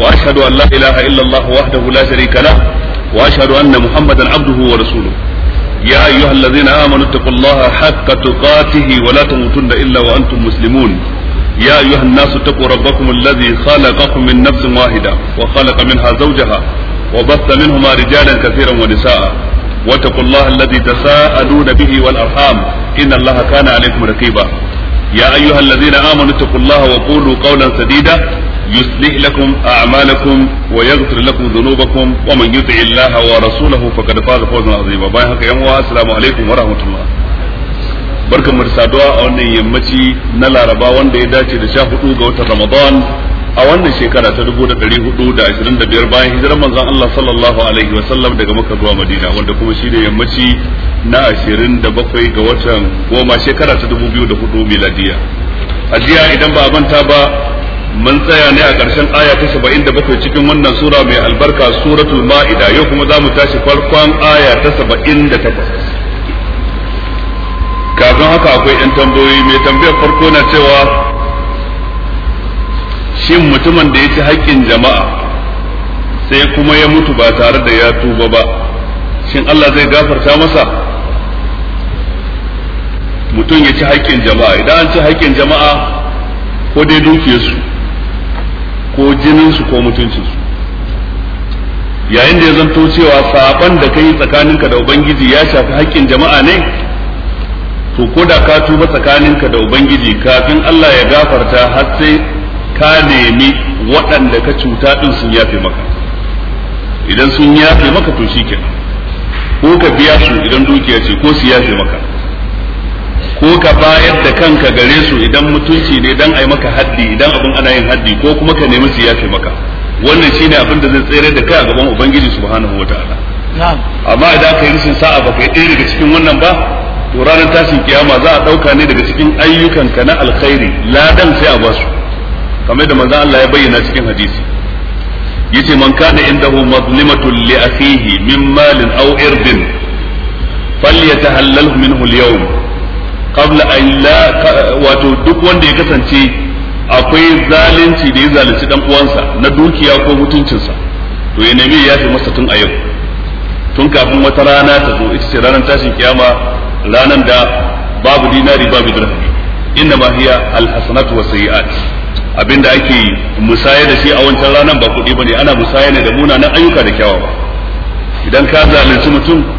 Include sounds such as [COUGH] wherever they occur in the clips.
واشهد ان لا اله الا الله وحده لا شريك له واشهد ان محمدا عبده ورسوله يا ايها الذين امنوا اتقوا الله حق تقاته ولا تموتن الا وانتم مسلمون يا ايها الناس اتقوا ربكم الذي خلقكم من نفس واحده وخلق منها زوجها وبث منهما رجالا كثيرا ونساء واتقوا الله الذي تساءلون به والارحام ان الله كان عليكم رقيبا يا ايها الذين امنوا اتقوا الله وقولوا قولا سديدا يصلح لكم أعمالكم ويغفر لكم ذنوبكم ومن يطع الله ورسوله فقد فاز فوزا عظيما باي هكا يموا السلام عليكم ورحمة الله barkan mu da saduwa a wannan yammaci na laraba wanda ya dace da sha hudu ga watan ramadan a wannan shekara ta dubu da dari hudu da ashirin da biyar bayan hijirar manzon allah sallallahu alaihi wa daga maka zuwa madina wanda kuma shi ne yammaci na ashirin da bakwai ga watan goma shekara ta dubu biyu da hudu miladiya a jiya idan ba a manta ba mun tsaya ne a ƙarshen aya ta saba'in da bakwai cikin wannan sura mai albarka suratul ma'ida yau kuma za mu tashi farkon aya ta saba'in da takwas kafin haka akwai 'yan tambayoyi mai tambayar farko na cewa shin mutumin da ya ci haƙƙin jama'a sai kuma ya mutu ba tare da ya tuba ba shin Allah zai gafarta masa mutum ya ci haƙƙin jama'a idan an ci haƙƙin jama'a ko dai dukiyarsu ko jininsu ko mutuncinsu yayin da ya zanto cewa saban da kai tsakaninka da ubangiji ya shafi haƙƙin jama'a ne to ko da ka tuba tsakaninka da ubangiji kafin Allah ya gafarta har sai ka nemi waɗanda ka cuta din sun yafe maka idan sun yafe maka to shikenan ko ka biya su idan dukiya ce ko su yafe maka ko ka bayar da kanka gare su idan mutunci ne dan ai maka haddi idan abin ana yin haddi ko kuma ka nemi su yafe maka wannan shine abin da zai tsere da kai a gaban ubangiji subhanahu wataala amma idan ka yi rashin sa'a baka yi ɗaya daga cikin wannan ba to ranar tashin kiyama za a ɗauka ne daga cikin ayyukanka na alkhairi ladan sai a basu kamar da manzon Allah ya bayyana cikin hadisi yace man kana indahu mazlimatun li akhihi min malin aw irdin falyatahallalhu minhu al-yawm qabla an wato duk wanda ya kasance akwai zalunci da ya zalunci dan uwansa na dukiya ko mutuncinsa to ya nemi ya fi masa tun a yau tun kafin wata rana ta zo ita ce ranar tashin kiyama ranar da babu dinari babu dirham inna ma hiya alhasanatu wasayi'at abinda ake musaya da shi a wancan ranar ba kuɗi bane ana musaya ne da munanan ayyuka da kyawawa idan ka zalunci mutum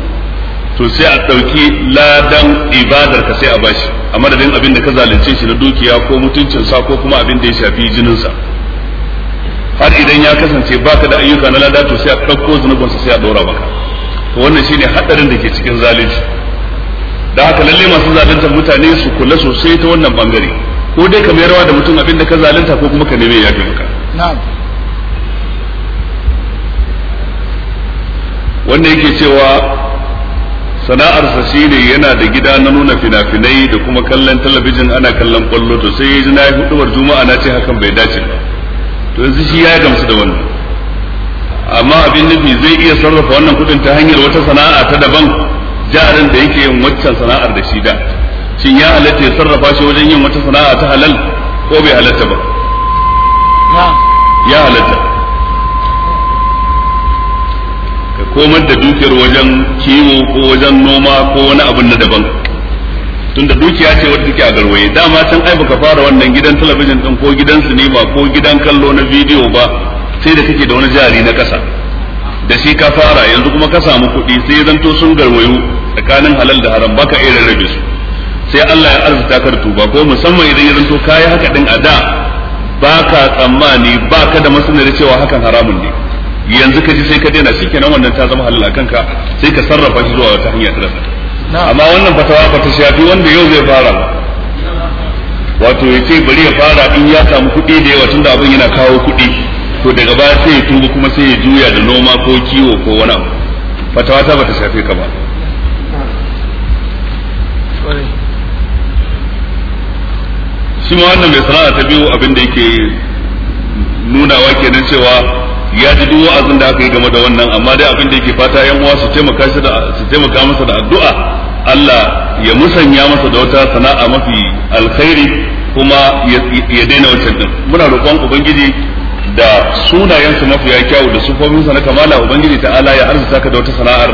to sai a ɗauki ladan ibadar ka sai a bashi a madadin abin da ka zalunce shi na dukiya ko mutuncinsa ko kuma abin da ya shafi jinin sa. har idan ya kasance baka da ayyuka na lada to sai a ɗauko zunubinsa sai a ɗora maka to wannan shine haɗarin da ke cikin zalunci da haka lalle masu zaluntar mutane su kula sosai ta wannan bangare ko dai ka mayarwa da mutum abin da ka zalunta ko kuma ka neme ya maka wanda yake cewa sana'arsa shine yana da gida na nuna fina-finai da kuma kallon talabijin ana kallon kwallo to sai ya ji na yi juma'a na ce hakan bai dace ba to yanzu shi ya gamsu da wannan amma abin nufi zai iya sarrafa wannan kudin ta hanyar wata sana'a ta daban jarin da yake yin waccan sana'ar da shi da shin ya halatta ya sarrafa shi wajen yin wata sana'a ta halal ko bai halatta ba ya halatta komar da dukiyar wajen kiwo ko wajen noma ko wani abin na daban tunda dukiya ce wadda take a garwaye dama can ai baka fara wannan gidan talabijin din ko gidan sinima ko gidan kallo na bidiyo ba sai da kake da wani jari na kasa da shi ka fara yanzu kuma ka samu kuɗi sai zanto sun garwayo tsakanin halal da haram baka iya rarrabe su sai Allah ya arzuta ka tuba ko musamman idan ya zanto kayi haka din a da baka tsammani baka da masanar cewa hakan haramun ne yanzu ka ji sai ka daina shikenan wannan ta zama halal akan ka sai ka sarrafa shi zuwa wata hanya ta amma wannan fatawa ba ta shafi wanda yau zai fara wato ya ce bari ya fara in ya samu kuɗi da yawa tunda abin yana kawo kuɗi to daga baya sai ya tuba kuma sai ya juya da noma ko kiwo ko wani abu fatawa ta ba ta shafe ka ba shi ma wannan mai sana'a ta biyu abin da yake nunawa kenan cewa ya ji duk wa'azin da aka yi game da wannan amma dai abin da yake fata yan uwa su taimaka shi da su taimaka masa da addu'a Allah ya musanya masa da wata sana'a mafi alkhairi kuma ya daina wancan din muna roƙon ubangiji da sunayen sunayensa ya kyau da sa na kamala ubangiji ta'ala ya arzuta ka da wata sana'ar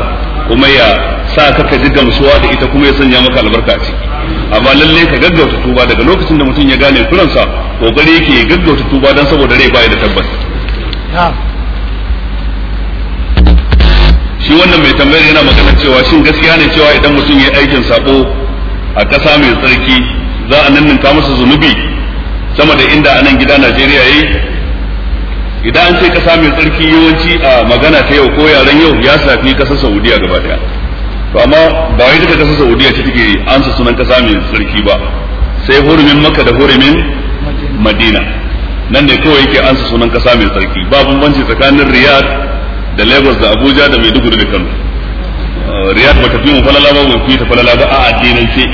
kuma ya sa ka ka ji gamsuwa da ita kuma ya sanya maka albarka a amma lalle ka gaggauta tuba daga lokacin da mutum ya gane kuransa kokari yake gaggauta tuba dan saboda rai ya da tabbas shi wannan mai tambayar yana magana cewa shin gaskiya ne cewa idan mutum ya aikin sabo a ƙasa mai tsarki za a ninka masa zunubi sama da inda a nan gida Najeriya yayi idan an ce ƙasa mai tsarki yawanci a magana ta yau ko yaren yau ya shafi ƙasar Saudiya gaba daya to amma ba wai duka ƙasar Saudiya ce take ansa sunan ƙasa mai tsarki ba sai hurumin Makka da hurumin Madina nan ne kawai yake ansa sunan ƙasa mai tsarki ba bambanci tsakanin Riyadh da Lagos da Abuja da Maiduguri da Kano uh, Riyadh ba ta fi mu falala ba mu fi ta falala ba a addinin ce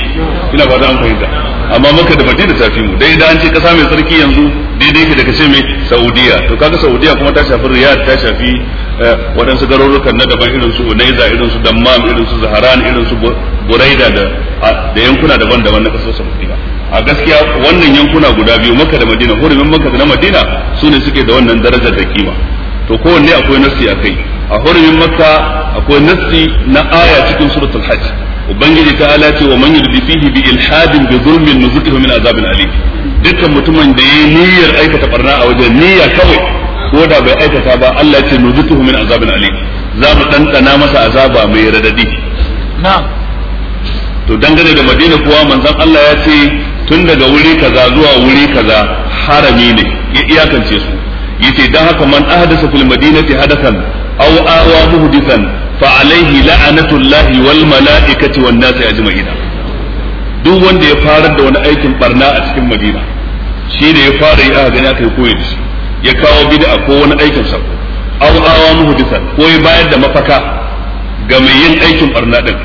ina ba an fahimta amma maka da Madina ta fi mu dai da an ce kasa mai sarki yanzu daidai ke daga ce mai Saudiya to kaga Saudiya kuma ta shafi Riyadh ta shafi eh, waɗansu garurukan na daban irin su Unaiza irin su Dammam irin su Zaharan irin su Buraida da da yankuna daban-daban na kasar Saudiya a gaskiya wannan yankuna guda biyu maka da Madina hurumin maka da Madina su ne suke da wannan darajar da kima to kowanne akwai nassi a kai a hurumin makka akwai nassi na aya cikin suratul hajj ubangiji ta ala ce wa man yurdi fihi bi ilhadin bi zulmin nuzuqihu min azabin ali dukkan mutumin da yayi niyyar aikata barna a wajen niyya kawai ko da bai aikata ba Allah ya ce nuzuqihu min azabin Ali. za mu dandana masa azaba mai radadi na'am to dangane da Madina kuwa manzon Allah ya ce tun daga wuri kaza zuwa wuri kaza harami ne ya iyakance su yace dan haka man ahdasa fil madinati hadathan aw awa muhdithan fa alaihi la'anatullahi wal mala'ikati wan nasi ajma'in duk wanda ya farar da wani aikin barna a cikin madina shi da ya fara yi aka gani aka yi koyi da shi ya kawo bid'a ko wani aikin sa aw awa muhdithan ko ya bayar da mafaka ga mai yin aikin barna din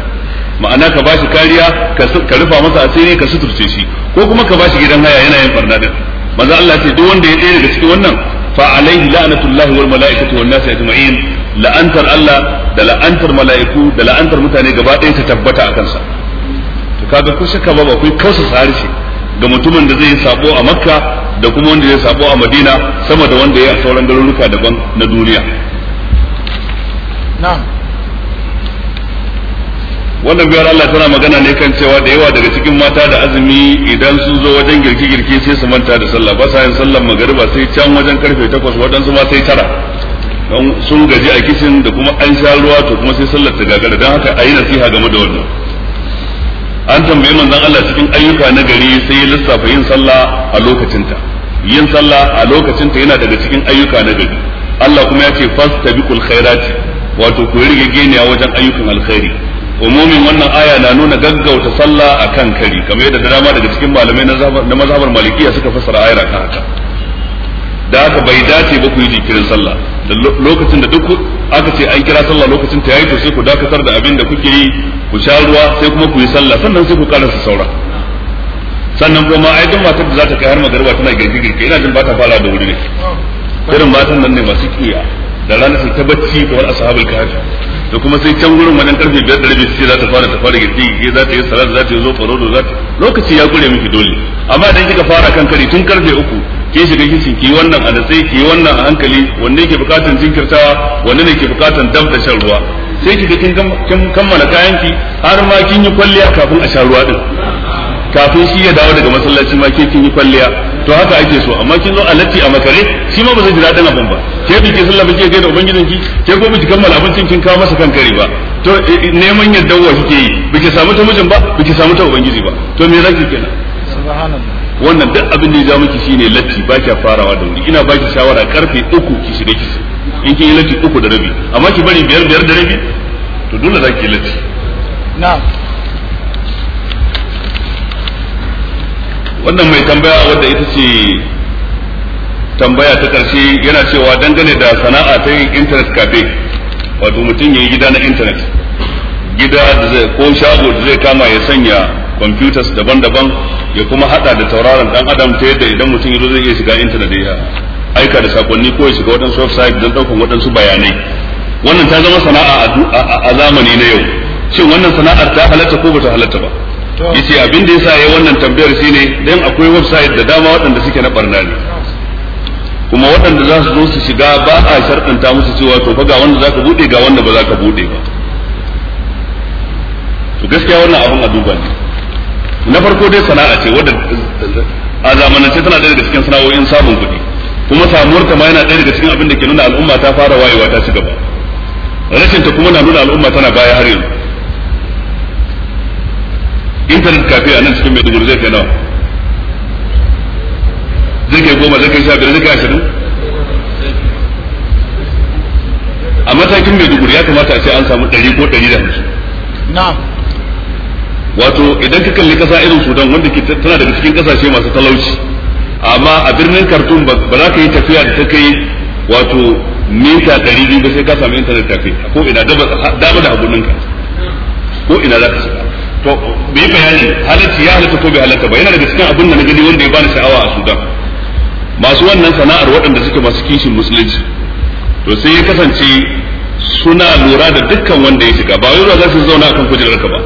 ma'ana ka bashi kariya ka rufa masa asiri ka suturce shi ko kuma ka bashi gidan haya yana yin barna din manzo Allah ce duk wanda ya ɗaya daga cikin wannan fa alaihi la'natullahi wal mala'ikatu wan nasi ajma'in la'antar Allah da la'antar mala'iku da la'antar mutane gaba ɗaya ta tabbata a kansa to kaga ko shaka ba akwai kausa harshe ga mutumin da zai yi sabo a Makka da kuma wanda zai saɓo a Madina sama da wanda ya yi a sauran garuruka daban na duniya wannan biyar Allah tana magana ne kan cewa da yawa daga cikin mata da azumi idan sun zo wajen girki-girki sai su manta da sallah ba sa yin sallar magariba sai can wajen karfe takwas waɗansu ma sai tara don sun gaji a kishin da kuma an sha ruwa to kuma sai sallar ta gagara don haka a yi nasiha game da wannan an tambayi manzon Allah cikin ayyuka na gari sai ya lissafa yin sallah a lokacinta yin sallah a lokacinta yana daga cikin ayyuka na gari Allah kuma ya ce fastabiqul khairati wato ku rige geniya wajen ayyukan alkhairi umumin wannan aya na nuna gaggauta sallah kan kari kamar yadda da dama daga cikin malamai na mazhabar malikiya suka fassara ayar akan haka da haka bai dace ba ku yi jikirin sallah lokacin da duk aka ce an kira sallah lokacin ta yayi to sai ku dakatar da abin da kuke yi ku sha ruwa sai kuma ku yi sallah sannan sai ku su saura sannan kuma ai duk matar da za ta kai har magariba tana girki girki ina jin ba ta fara da wuri ne irin matan nan ne masu kiyaye da rana ta bacci kamar ashabul kahfi da kuma sai can gurin wannan karfe biyar da rabi sai za ta fara ta fara girki ke za ta yi salat za ta yi zo farodo za ta lokaci ya gure miki dole amma idan kika fara kan kare tun karfe uku ke shiga kicin ki wannan a natsai ki wannan a hankali wanne ke bukatan jinkirtawa wanne ne ke bukatan dab da shan ruwa sai ki ga kin kammala kayan ki har ma kin yi kwalliya kafin a sha ruwa din kafin shi ya dawo daga masallaci ma ke kin yi kwalliya to haka ake so amma kin zo a latti a makare shi ma ba zai jira daɗin abin ba ke bi ke sallah ba ke gaida ki ke ko ba kammala abincin kin kawo masa kan kare ba to neman yadda wa kike yi bace samu ta mijin ba bace samu ta ubangiji ba to me zaki kenan wannan duk abin da ya zama ki shine latti ba kya farawa da wuri ina ki shawara karfe uku ki shiga ki in kin yi latti uku da rabi amma ki bari biyar biyar da rabi to dole zaki latti na'am wannan mai tambaya wadda ita ce tambaya ta ƙarshe yana cewa dangane da sana'a ta yin internet cafe wato mutum ya yi gida na internet gida da zai ko shago da zai kama ya sanya computers daban-daban ya kuma hada da tauraron dan adam ta yadda idan mutum ya zo zai iya shiga internet ya aika da sakonni ko ya shiga waɗansu website don ɗaukan waɗansu bayanai wannan ta zama sana'a a zamani na yau shin wannan sana'ar ta halatta ko bata halatta ba yace abin da yasa yayin wannan tambayar shine dan akwai website da dama waɗanda suke na barna ne kuma waɗanda za su zo su shiga ba a sharɗanta musu cewa to fa ga wanda zaka bude ga wanda ba zaka bude ba to gaskiya wannan abun a duba ne na farko dai sana'a ce wadda a zamanance tana ɗaya daga cikin sana'o'in samun kuɗi kuma samuwar ta ma yana ɗaya daga cikin abin da ke nuna al'umma ta fara wayewa ta ci gaba rashin ta kuma na nuna al'umma tana baya har yanzu internet cafe a nan cikin maiduguri zai kai nawa zai kai goma zai kai sha biyar zai kai ashirin a matakin maiduguri ya kamata a ce an samu ɗari ko ɗari da hamsin wato idan ka kalli ƙasa irin sudan wanda ke tana daga cikin ƙasashe masu talauci amma a birnin khartoum ba za ka yi tafiya da ta kai wato mita ɗari biyu ba sai ka samu internet tafi ko ina daba da hagunin ka ko ina za ka shiga to bai yi bayani halatta ya halatta ko bai halatta ba yana daga cikin abin da na gani wanda ya bani sha'awa a Sudan masu wannan sana'ar waɗanda suke masu kishin musulunci to sai ya kasance suna lura da dukkan wanda ya shiga ba wai za su zauna akan kujerar ka ba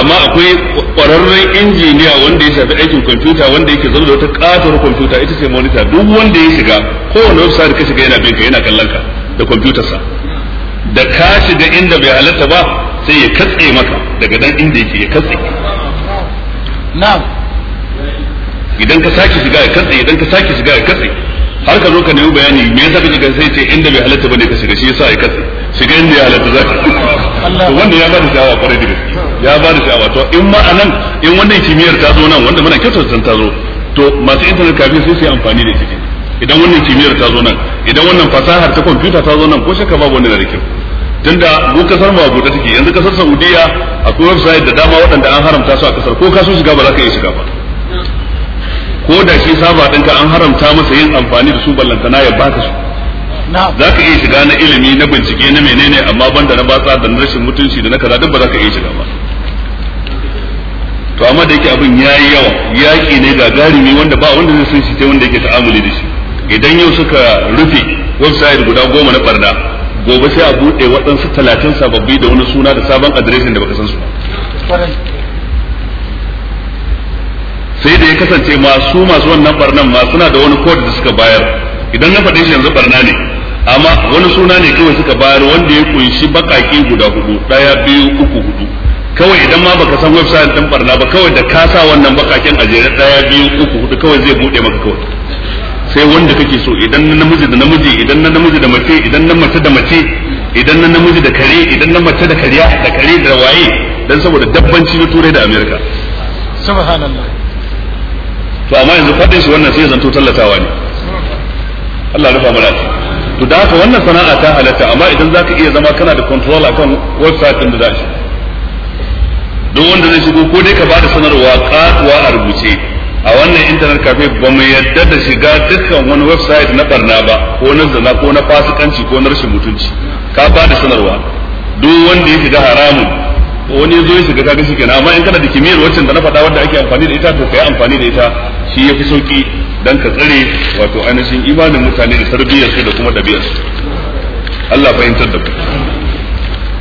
amma akwai ƙwararren injiniya wanda ya shafi aikin kwamfuta wanda yake zama da wata ƙatar kwamfuta ita ce monitor duk wanda ya shiga kowane website ka shiga yana bin ka yana kallon ka da kwamfutarsa da ka shiga inda bai halatta ba sai ya katse maka daga dan inda yake ya katse na'am idan ka sake shiga ya katse idan ka sake shiga ya katse har ka zo ka nemi bayani me yasa kake ga sai ce inda bai halatta bane ka shiga shi yasa ya katse shiga inda ya halatta zaka to wanda ya bada sha'awa kware da gaske ya bada sha'awa to in ma anan in wannan kimiyyar ta zo nan wanda muna san ta zo to masu internet kafin sai su yi amfani da shi idan wannan kimiyyar ta zo nan idan wannan fasahar ta kwamfuta ta zo nan ko shakka babu wanda na da kyau tunda mu kasar mu bude take yanzu kasar Saudiya akwai website da dama waɗanda an haramta su a kasar ko ka so shiga ba za ka iya shiga ba ko da shi saba ka an haramta masa yin amfani da su ballantana ya baka su za ka iya shiga na ilimi na bincike na menene amma banda na batsa da na rashin mutunci da na kaza duk ba za ka iya shiga ba to amma da yake abin ya yi yawa yaƙi ne gagarumi wanda ba wanda zai san shi sai wanda yake ta'amuli da shi idan yau suka rufe website guda goma na barna gobe sai a bude waɗansu talatin sababbi da wani suna da sabon adireshin da baka san su sai da ya kasance masu masu wannan barnan ma suna da wani kod da suka bayar idan na faɗe shi yanzu barna ne amma wani suna ne kawai suka bayar wanda ya kunshi baƙaƙe guda hudu ɗaya biyu uku hudu kawai idan ma baka san website din barna ba kawai da ka sa wannan bakakin a jere daya biyu uku hudu kawai zai bude maka kawai sai wanda kake so idan na namiji da namiji idan na namiji da mace idan na mace da mace idan na namiji da kare idan na mace da kariya da kare da waye dan saboda dabbanci na turai da amerika subhanallah to amma yanzu fadin shi wannan sai zanto tallatawa ne Allah rufa mana to da haka wannan sana'a ta halatta amma idan zaka iya zama kana da control akan website din da shi duk wanda zai shigo ko dai ka bada sanarwa katuwa a rubuce a wannan internet cafe ba mu yadda da shiga dukkan wani website na barna ba ko na zina ko na fasikanci ko na rashin mutunci ka ba da sanarwa duk wanda ya shiga haramun wani ya zo ya shiga kaga na amma in kana da kimiyyar wacce da na faɗa wanda ake amfani da ita to kai amfani da ita shi ya fi sauki dan ka tsare wato ainihin imanin mutane da tarbiyyar su da kuma ɗabi'ar su Allah fahimtar da ku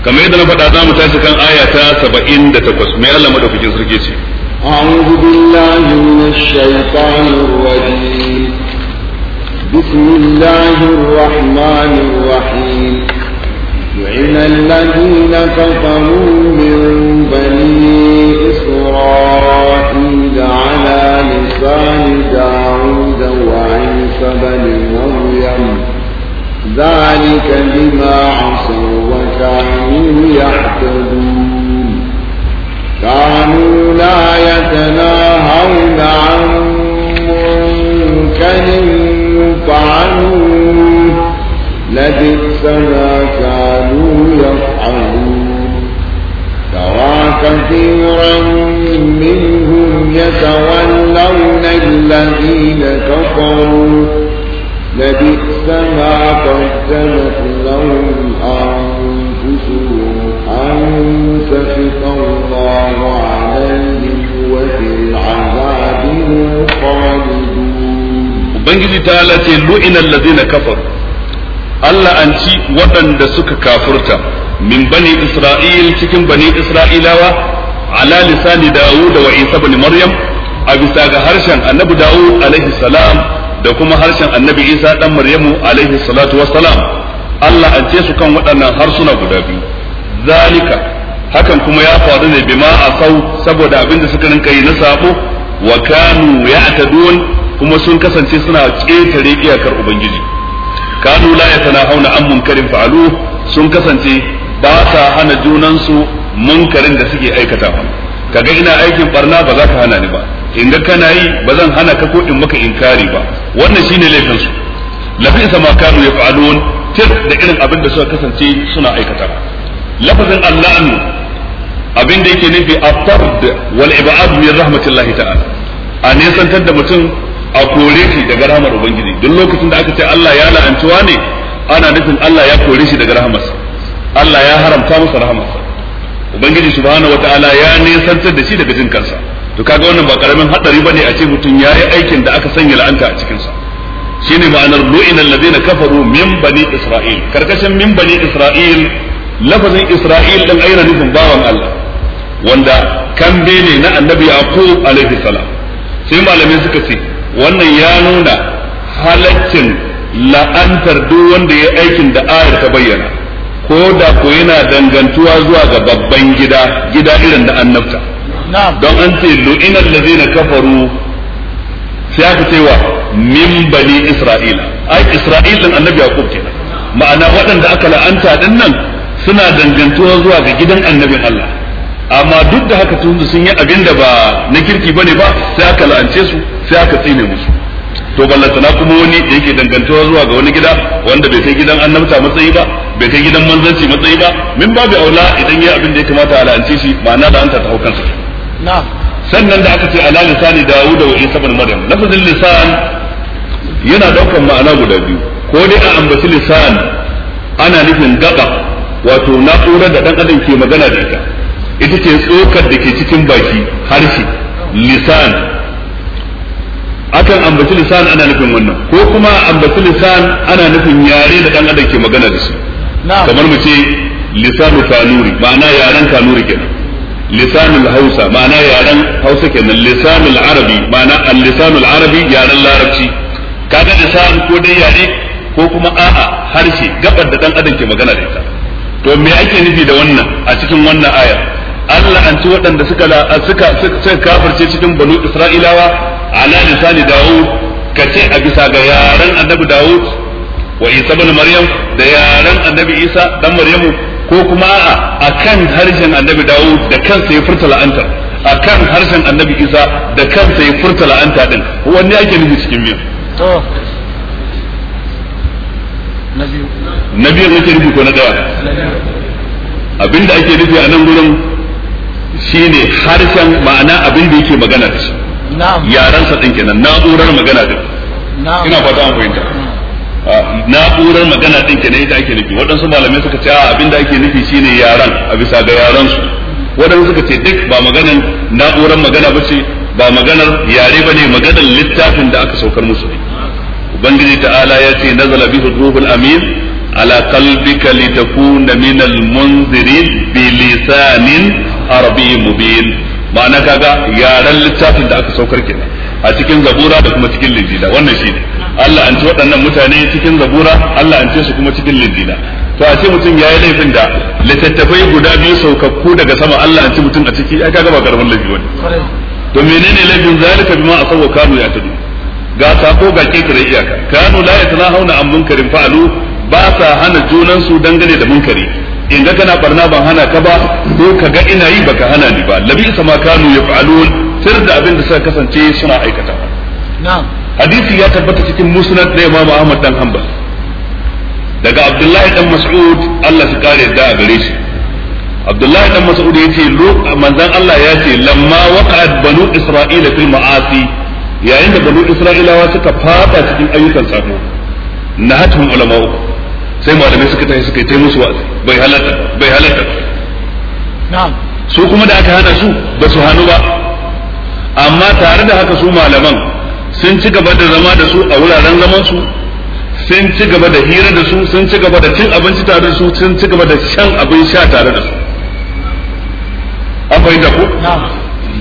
kamar yadda na faɗa za mu tashi kan aya ta 78 mai Allah madaukakin sarki ce أعوذ بالله من الشيطان الرجيم بسم الله الرحمن الرحيم لعن الذين كفروا من بني إسرائيل على لسان داود وعيسى بن مريم ذلك بما عصوا وكانوا يعتدون كانوا لا يتناهون عن منكر يطعنون لبئس ما كانوا يفعلون ترى كثيرا منهم يتولون الذين كفروا لبئس ما قدمت لهم أنفسهم أن تسخط الله عليهم وفي العذاب خالدون وبنجي تعالى لئن الذين كفروا Allah an ci waɗanda suka kafurta min bani Isra'il cikin bani Isra'ilawa ala lisani Dawud wa Isa bani Maryam a bisa ga harshen Annabi Dawud alaihi salam da kuma harshen Annabi Isa dan Maryamu alaihi salatu salam. Allah an ce su kan waɗannan harsuna guda biyu zalika hakan kuma ya faru ne bima a sau saboda abin da suka rinka yi na sabo wa kanu ya ya'tadun kuma sun kasance suna ƙetare iyakar ubangiji kanu la hauna an munkarin fa'alu sun kasance ba sa hana junansu munkarin da suke aikata ba kaga ina aikin barna ba za ka hana ni ba in ga kana yi ba zan hana ka ko in maka inkari ba wannan shine laifin su lafi isa ma kanu yaf'alun tir da irin abin da suka kasance suna aikata lafazin al'anu abin da yake nufi a wal ibad min rahmatillahi ta'ala a nesantar da mutum a kore shi daga rahmar ubangiji duk lokacin da aka ce Allah ya la'antuwa ne ana nufin Allah ya kore shi daga rahmarsa Allah ya haramta masa rahmarsa ubangiji subhanahu wataala ya nesantar da shi daga jin kansa to kaga wannan ba karamin hadari bane a ce mutum yayi aikin da aka sanya la'anta a cikin sa shine ma'anar lu'ina allazina kafaru min bani isra'il karkashin min bani isra'il lafazin Isra'il din aina nufin bawan Allah wanda kambe ne na annabi Yaqub alaihi salam sai malamai suka ce wannan ya nuna halaccin la'antar duk wanda ya aikin da ayar ta bayyana ko da ko yana dangantuwa zuwa ga babban gida gida irin da annabta don an ce lu'ina allazina kafaru sai aka cewa min bani isra'ila ai isra'il din annabi yaqub kenan ma'ana waɗanda aka la'anta din nan suna dangantuwa zuwa ga gidan annabi Allah amma duk da haka tunzu sun yi abin da ba na kirki bane ba sai aka la'ance su sai aka tsine musu to ballantana kuma wani da yake dangantuwa zuwa ga wani gida wanda bai kai gidan annabta matsayi ba bai kai gidan manzanci matsayi ba min babu aula idan ya abin da ya kamata a la'ance shi ma'ana da anta ta hukan sa sannan da aka ce ala lisani dawuda wa isa bin maryam lafazin lisan yana daukan ma'ana guda biyu ko dai a ambaci lisan ana nufin gaba wato na'urar da dan adam ke magana da ita ita ce tsokar da ke cikin baki harshe lisan akan ambaci lisan ana nufin wannan ko kuma ambaci lisan ana nufin yare da dan adam ke magana da shi kamar mu ce lisanu kanuri ma'ana yaren kanuri kenan lisanul hausa ma'ana yaren hausa kenan lisanul arabi ma'ana al-lisanul arabi yaren larabci kaga lisan ko dai yare ko kuma a'a harshe gabar da dan adam ke magana da ita to me ake nufi da wannan a cikin wannan aya Allah an ci waɗanda suka suka suka kafirce cikin banu Isra'ilawa ala lisani Dawud kace a bisa ga yaran Annabi Dawud wa Isa ibn Maryam da yaran Annabi Isa dan Maryam ko kuma a kan harshen Annabi Dawud da kansa ya furta la'anta akan harshen Annabi Isa da kansa ya furta la'anta din wanne ake nufi cikin to na biyu ke nufi ko na daya abinda ake nufi a nan gurin shine harshen ma'ana abinda yake magana da shi sa din kenan na'urar magana din ina fata an fahimta na'urar magana din kenan ita ake nufi waɗansu malamai suka ce abinda ake nufi shine yaran a bisa ga yaran su. waɗansu suka ce duk ba maganan na'urar magana ba ce ba maganar yare ba ne maganar littafin da aka saukar musu ne ubangiji ta'ala ya ce nazala bihi ruhul amin ala qalbika litakuna min almunzirin bi lisanin arabi mubin ma'ana kaga yaran littafin da aka saukar kenan a cikin zabura da kuma cikin linjila wannan shine Allah an ce waɗannan mutane cikin zabura Allah an ce su kuma cikin linjila to a ce mutum yayi laifin da littattafai guda biyu saukakku daga sama Allah an ce mutum a ciki ai kaga ba garban laifi wani to menene laifin zalika bima asawa kanu ya tadu ga sako ga da iyaka kanu la yatanahawna an munkarin fa'alu ba sa hana junan su dangane da munkari in ga kana barna ban hana ka ba ko ka ga ina yi baka hana ni ba labi sama kanu yaf'alun sir da abin da suka kasance suna aikata na'am hadisi ya tabbata cikin musnad da Imam Ahmad dan Hanbal daga Abdullahi dan Mas'ud Allah shi kare da gare shi Abdullahi dan Mas'ud yace manzon Allah ya ce lamma waqa'at banu Isra'ila fil ma'asi yayin da banu isra'ilawa suka fada cikin ayyukan sako na hatun ulama'u sai malamai suka tafi suka yi musu wa'azi bai halatta bai halatta na'am su kuma da aka hana su ba su hannu ba amma tare da haka su malaman sun ci gaba da zama da su a wuraren zaman su sun ci gaba da hira da su sun ci gaba da cin abinci tare da su sun ci gaba da shan abin sha tare da su an fahimta ko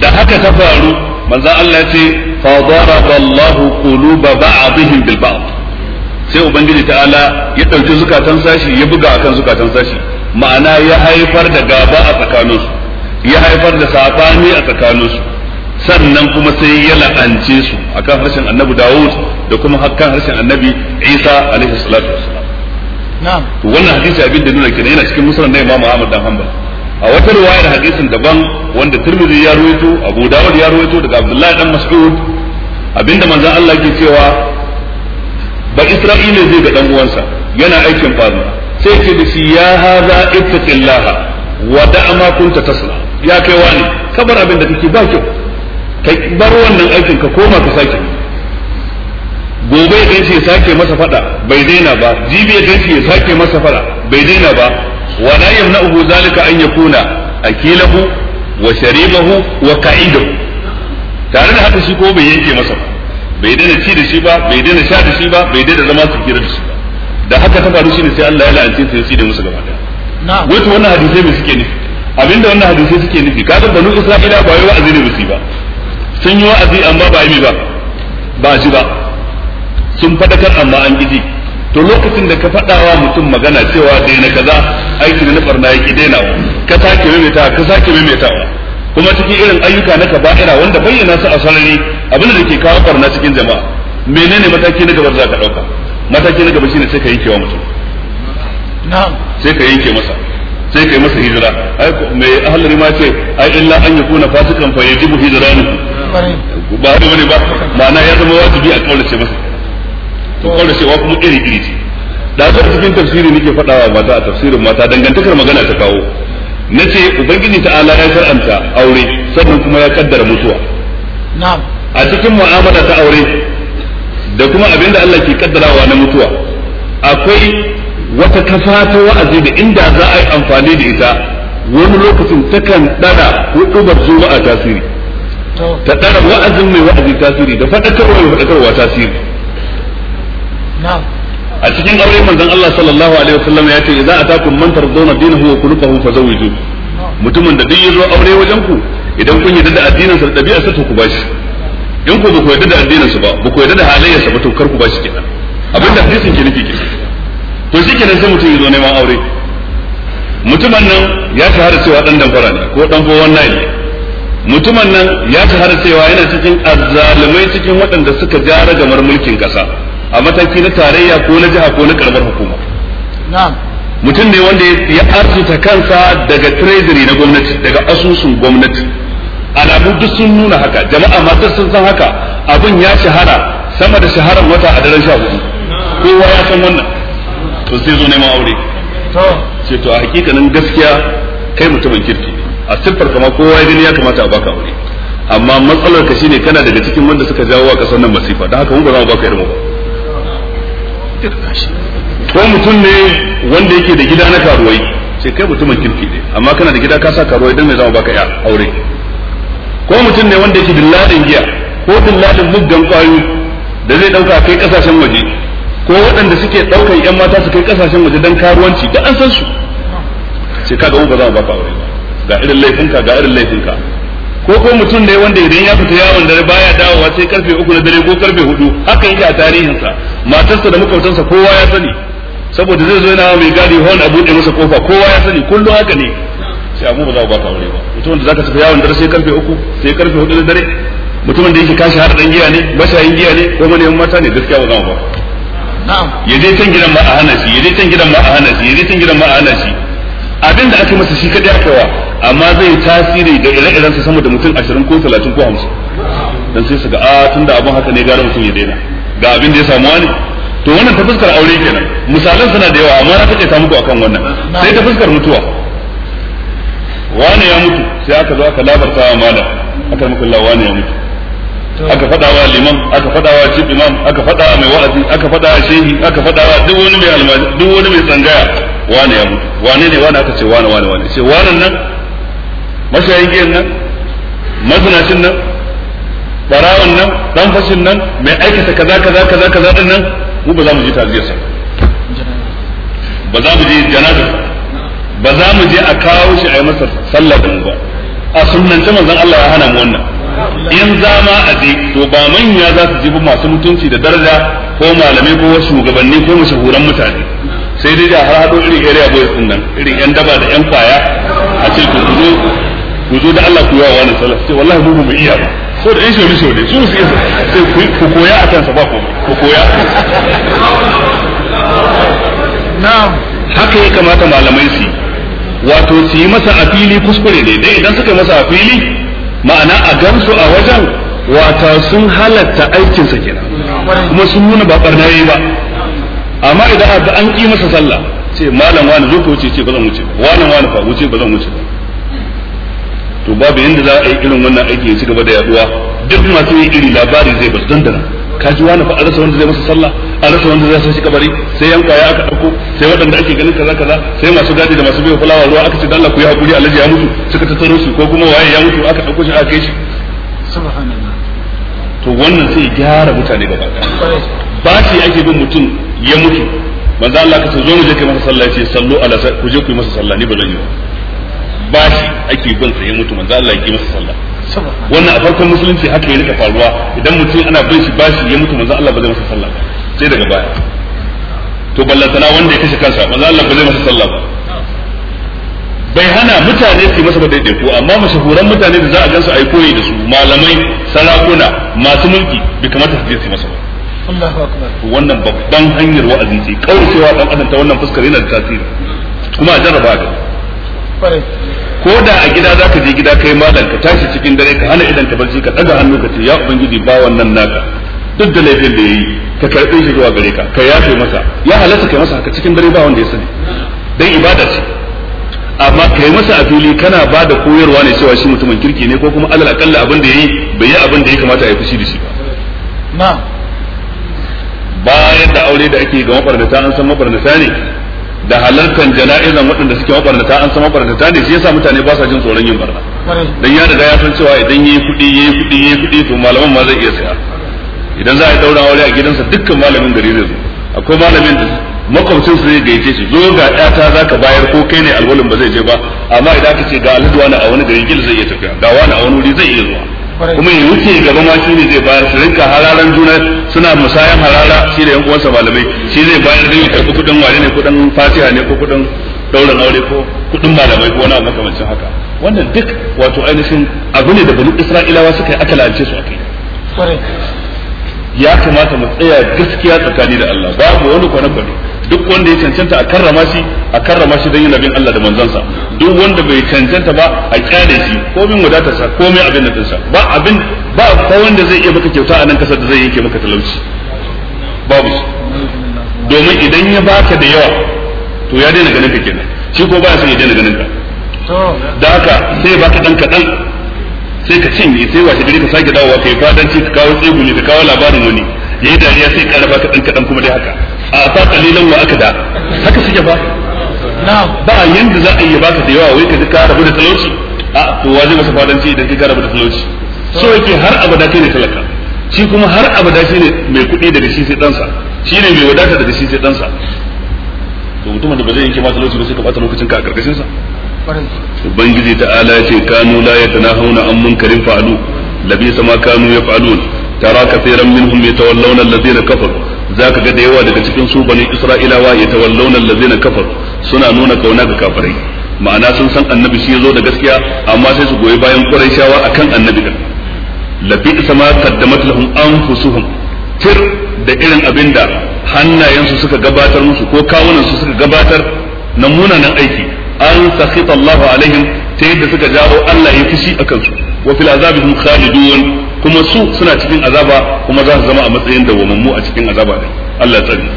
da haka ta faru manzo Allah ya ce fa daraba Allahu ba'dihim bil ba'd sai ubangiji ta'ala ya dauki zukatan sashi ya buga akan zukatan sashi ma'ana ya haifar da gaba a tsakaninsu ya haifar da sabani a tsakaninsu sannan kuma sai ya la'ance su akan harshen annabi Dawud da kuma akan harshen annabi Isa alaihi salatu wassalam na'am wannan hadisi abin da nuna kenan yana cikin musulman da Imam Ahmad dan Hanbal a wata riwayar hadisin daban wanda Tirmidhi ya ruwaito Abu Dawud ya ruwaito daga Abdullahi dan Mas'ud abinda manzon Allah ke cewa ba Isra'ila zai ga dan uwansa yana aikin faru sai ke da shi ya haza ittaqillaha wa da'ama kunta tasla ya kai wani kabar abin da kake ba kyau ka bar wannan aikin ka koma ka sake gobe idan sai ya sake masa fada bai daina ba jibi idan sai ya sake masa fada bai daina ba ولا يمنعه ذلك أن يكون أكيله وشريبه وقعيده tare da haka shi ko bai yanke masa ba bai daina ci da shi ba bai daina sha da shi ba bai daina zama su kira da shi ba da haka ta faru shine sai Allah ya la'ance su sai da musu gaba daya wato wannan hadisai me suke nufi abinda wannan hadisai suke nufi kaga banu isra'ila ba wai wa'azi ne musu ba sun yi wa'azi amma ba yi ba ba shi ba sun fadakar amma an giji to lokacin da ka wa mutum magana cewa daina kaza aiki na barna yake wa ka sake maimaita ka sake wa kuma cikin irin ayyuka na ba'ira wanda bayyana su a sarari abin da ke kawo barna cikin jama'a menene mataki na gaba za ka ɗauka mataki na gaba shine sai ka yanke wa mutum sai ka yanke masa sai ka yi masa hijira ai me ahalari ma ce ai illa an yakuna fasikan fa yajibu hijranu ba ba bane ba ma'ana ya zama wajibi a kaulace masa da kauracewa kuma iri iri ce da zan cikin tafsiri nake faɗawa mata a tafsirin mata dangantakar magana ta kawo na ce ubangiji ta'ala ya shar'anta aure sannan kuma ya kaddara mutuwa a cikin mu'amala ta aure da kuma abin da Allah ke kaddarawa na mutuwa akwai wata kafa ta wa'azi da inda za a yi amfani da ita wani lokacin takan dana hudubar zuwa a tasiri ta dana wa'azin mai wa'azi tasiri da faɗakarwa mai faɗakarwa tasiri a cikin aure manzon Allah sallallahu alaihi wasallam ya ce idza atakum man tardawna dinahu wa khuluquhu fazawwiju mutumin da duk yazo aure wajen ku idan kun yarda da addinin sa da sa to ku bashi in ku ku yarda da addinin sa ba ku ku yarda da halayyarsa ba to kar ku bashi kenan abinda hadisin ke nufi kenan to shikenan sai mutum yazo neman aure mutumin nan ya shahara cewa dan damfara ne ko dan bowan nai ne mutumin nan ya shahara cewa yana cikin azzalumai cikin waɗanda suka ja gamar mulkin kasa a mataki na tarayya ko na jiha ko na karamar hukuma mutum ne wanda ya arzuta kansa daga treasury na gwamnati daga asusun gwamnati alamu duk sun nuna haka jama'a ma duk sun san haka abin ya shahara sama da shaharan wata a daren sha hudu kowa ya san wannan to sai zo neman aure ce to a hakikanin gaskiya kai mutumin kirki a siffar kama kowa ya gani ya kamata a baka aure amma matsalar ka shine kana daga cikin wanda suka jawo a kasar nan masifa don haka mun ba za mu baka irin ba ko mutum ne wanda yake da gida na karuwai sai kai mutumin kirki ne amma kana da gida ka sa karuwai dan mai zama baka ya aure ko mutum ne wanda yake ladin giya ko ladin muggan kwayo da zai dauka kai kasashen waje ko waɗanda suke daukan yan mata su kai kasashen waje dan karuwanci da an san su sai kaga uba za mu baka aure ga irin laifinka ga irin laifinka ko ko mutum ne wanda idan ya fita yawon dare baya dawowa sai karfe uku na dare ko karfe hudu hakan yake a tarihinsa matarsa da makwabtansa kowa ya sani saboda zai zo yana mai gadi hon a buɗe masa kofa kowa ya sani kullum haka ne sai abu ba za ba ka aure ba mutum da zaka tafi yawon dare sai karfe uku sai karfe hudu na dare mutumin da yake kashi har dan giya ne mashayin giya ne ko mana mata ne gaskiya ba za mu ba ya je can gidan ma a hana shi ya je can gidan ma a hana shi ya je can gidan ma a hana shi Abinda ake masa shi kadai aka amma zai tasiri ga ire-iren su sama da mutum 20 ko 30 ko 50 dan sai su ga a ah, tun da abin haka ne gara mutum ya daina ga abin da ya samu wani. to wannan ta fuskar aure kenan misalan suna da yawa amma na kace ta muku akan wannan sai ta fuskar mutuwa wane ya mutu sai aka zo aka labarta wa malam aka muku Allah wane ya mutu aka fada wa liman aka fada wa chief imam aka fada wa mai wa'azi aka fada wa shehi aka fada wa duk wani mai almajiri duk wani mai tsangaya wane ya mutu wane ne wane aka ce wane wane wane sai wannan nan mashayin giyan nan mazinacin nan barawan nan dan fashin nan mai aikata kaza kaza kaza kaza din nan mu ba za mu je taziyarsa ba za mu je janaza ba za mu je a kawo shi a yi masa sallah da mu ba a sunnance manzon Allah ya hana mu wannan in za ma a je to ba manya za su jibi masu mutunci da daraja ko malamai ko shugabanni ko mashahuran mutane sai dai da har hado irin area boys din nan irin yan daba da yan kwaya a cikin kudu ku zo da Allah ku yi wa wani sallah sai wallahi mu mu iya ba so da ishe risho ne su su sai ku koya a kansa ba ku ku koya na'am haka ya kamata malamai su wato su yi masa a fili kuskure ne dai idan suka yi masa a fili ma'ana a gamsu a wajen wata sun halatta aikinsa kenan kuma sun nuna ba barna yayi ba amma idan an ƙi masa sallah ce malam wani zo ka wuce ce ba zan wuce wani wani fa wuce ba zan wuce ba to babu inda za a yi irin wannan aiki ya ci gaba da yaduwa duk masu yi iri labari zai basu dandana ka ji wani fa a rasa wanda zai masa sallah a rasa wanda zai sashi kabari sai yan kwaya aka dauko sai waɗanda ake ganin kaza kaza sai masu gadi da masu bai fulawa ruwa aka ce Allah ku yi hakuri alaji ya mutu suka tattaro su ko kuma waye ya mutu aka dauko shi aka kai shi subhanallah to wannan sai gyara mutane gaba ɗaya ba shi ake bin mutum ya mutu manzo Allah ka ce zo mu je kai masa sallah ya ce sallu ala ku je ku yi masa sallah ni ba zan yi ba bashi ake bin sa ya mutu manzo Allah ya yi masa sallah wannan a farkon musulunci haka ya rika faruwa idan mutum ana bin shi bashi ya mutu manzo Allah ba zai masa sallah sai daga baya to ballatana wanda ya kashe kansa manzo Allah ba zai masa sallah ba bai hana mutane su masa ba daidai ko amma mashahuran mutane da za a gansu a yi koyi da su malamai sarakuna masu mulki bai kamata su je su masa ba wannan babban hanyar wa'azi ce kauracewa dan adam ta wannan fuskar yana da tasiri kuma a jarraba ga ko da a gida za ka je gida kai malam ka tashi cikin dare ka hana idan ka barci ka daga hannu ka ce ya ubangiji ba wannan naka duk da laifin da yayi ka karbe shi zuwa gare ka ka yafe masa ya halatta kai masa haka cikin dare ba wanda ya sani dan ibada ce amma kai masa a fili kana ba da koyarwa ne cewa shi mutumin kirki ne ko kuma alal akalla abin da yayi bai yi abin da ya kamata a yi fushi da shi ba bayan da aure da ake ga mabarnata an san mabarnata ne da halartar jana'izan waɗanda suke mabarnata an san mabarnata ne shi yasa mutane ba sa jin tsoron yin barna dan ya riga ya san cewa idan yayi kuɗi yayi kuɗi yayi kuɗi to malaman ma zai iya saya idan za a yi daura aure a gidansa dukkan malamin gari zai zo akwai malamin da makwabcin su zai gaice shi zo ga za ka bayar ko kai ne alwalin ba zai je ba amma idan aka ce ga alhaji wani a wani gari gil zai iya tafiya ga wani a wani wuri zai iya zuwa kuma ya wuce ga ma shi ne zai bayar su rinka hararan juna suna musayan harara shi da yan uwansa malamai shi zai bayar da ya karɓi kuɗin wane ne kuɗin fatiha ne ko kuɗin dauran aure ko kuɗin malamai ko wani abu makamancin haka wannan duk wato ainihin abu ne da bani isra'ilawa suka yi aka lalace su akai ya kamata mu tsaya gaskiya tsakani da Allah babu wani kwanan bane duk wanda ya cancanta a karrama shi a karrama shi don yana bin Allah da manzansa duk wanda bai cancanta ba a kyale shi komin wadatarsa komai abin da dinsa ba abin ba ko wanda zai iya maka kyauta a nan kasar da zai yanke maka talauci babu shi domin idan ya baka da yawa to ya daina ganin ka kenan shi ko ba ya son ya daina ganin ka da haka sai ya baka dan kadan sai ka cinye sai washe gari ka sake dawowa kai fadanci ka kawo tsegumi ka kawo labarin wani yayi dariya sai ka raba ka dan kadan kuma dai haka a ta kalilan wa da haka suke ba ba yanda za a yi baka da yawa wai ka ji karabu da talauci a to waje masa fadanci idan ka karabu da talauci so yake har abada kai ne talaka shi kuma har abada shi ne mai kuɗi daga shi sai ɗansa shi ne mai wadata daga shi sai ɗansa to mutumin da ba zai yanke ma talauci ba sai ka bata lokacin ka a karkashin sa ubangiji ta ala ya ce kanu la yatanahuna an munkarin fa'alu labisa ma kanu ya fa'alu tara kathiran minhum yatawallawna alladhina kafaru zaka ga da yawa daga cikin su bani isra'ilawa ya tawallawna na kafar suna nuna kauna ga kafirai ma'ana sun san annabi shi zo da gaskiya amma sai su goyi bayan kwarai shawa akan annabi din labi sama qaddamat lahum anfusuhum tir da irin abin da hannayensu suka gabatar musu ko kawunansu suka gabatar na munanan aiki an sakhita Allahu alaihim ta yadda suka jawo Allah ya fushi a kansu. wa fil azabihim khalidun kuma su suna cikin azaba kuma za su zama a matsayin da mu a cikin azaba ne Allah tsari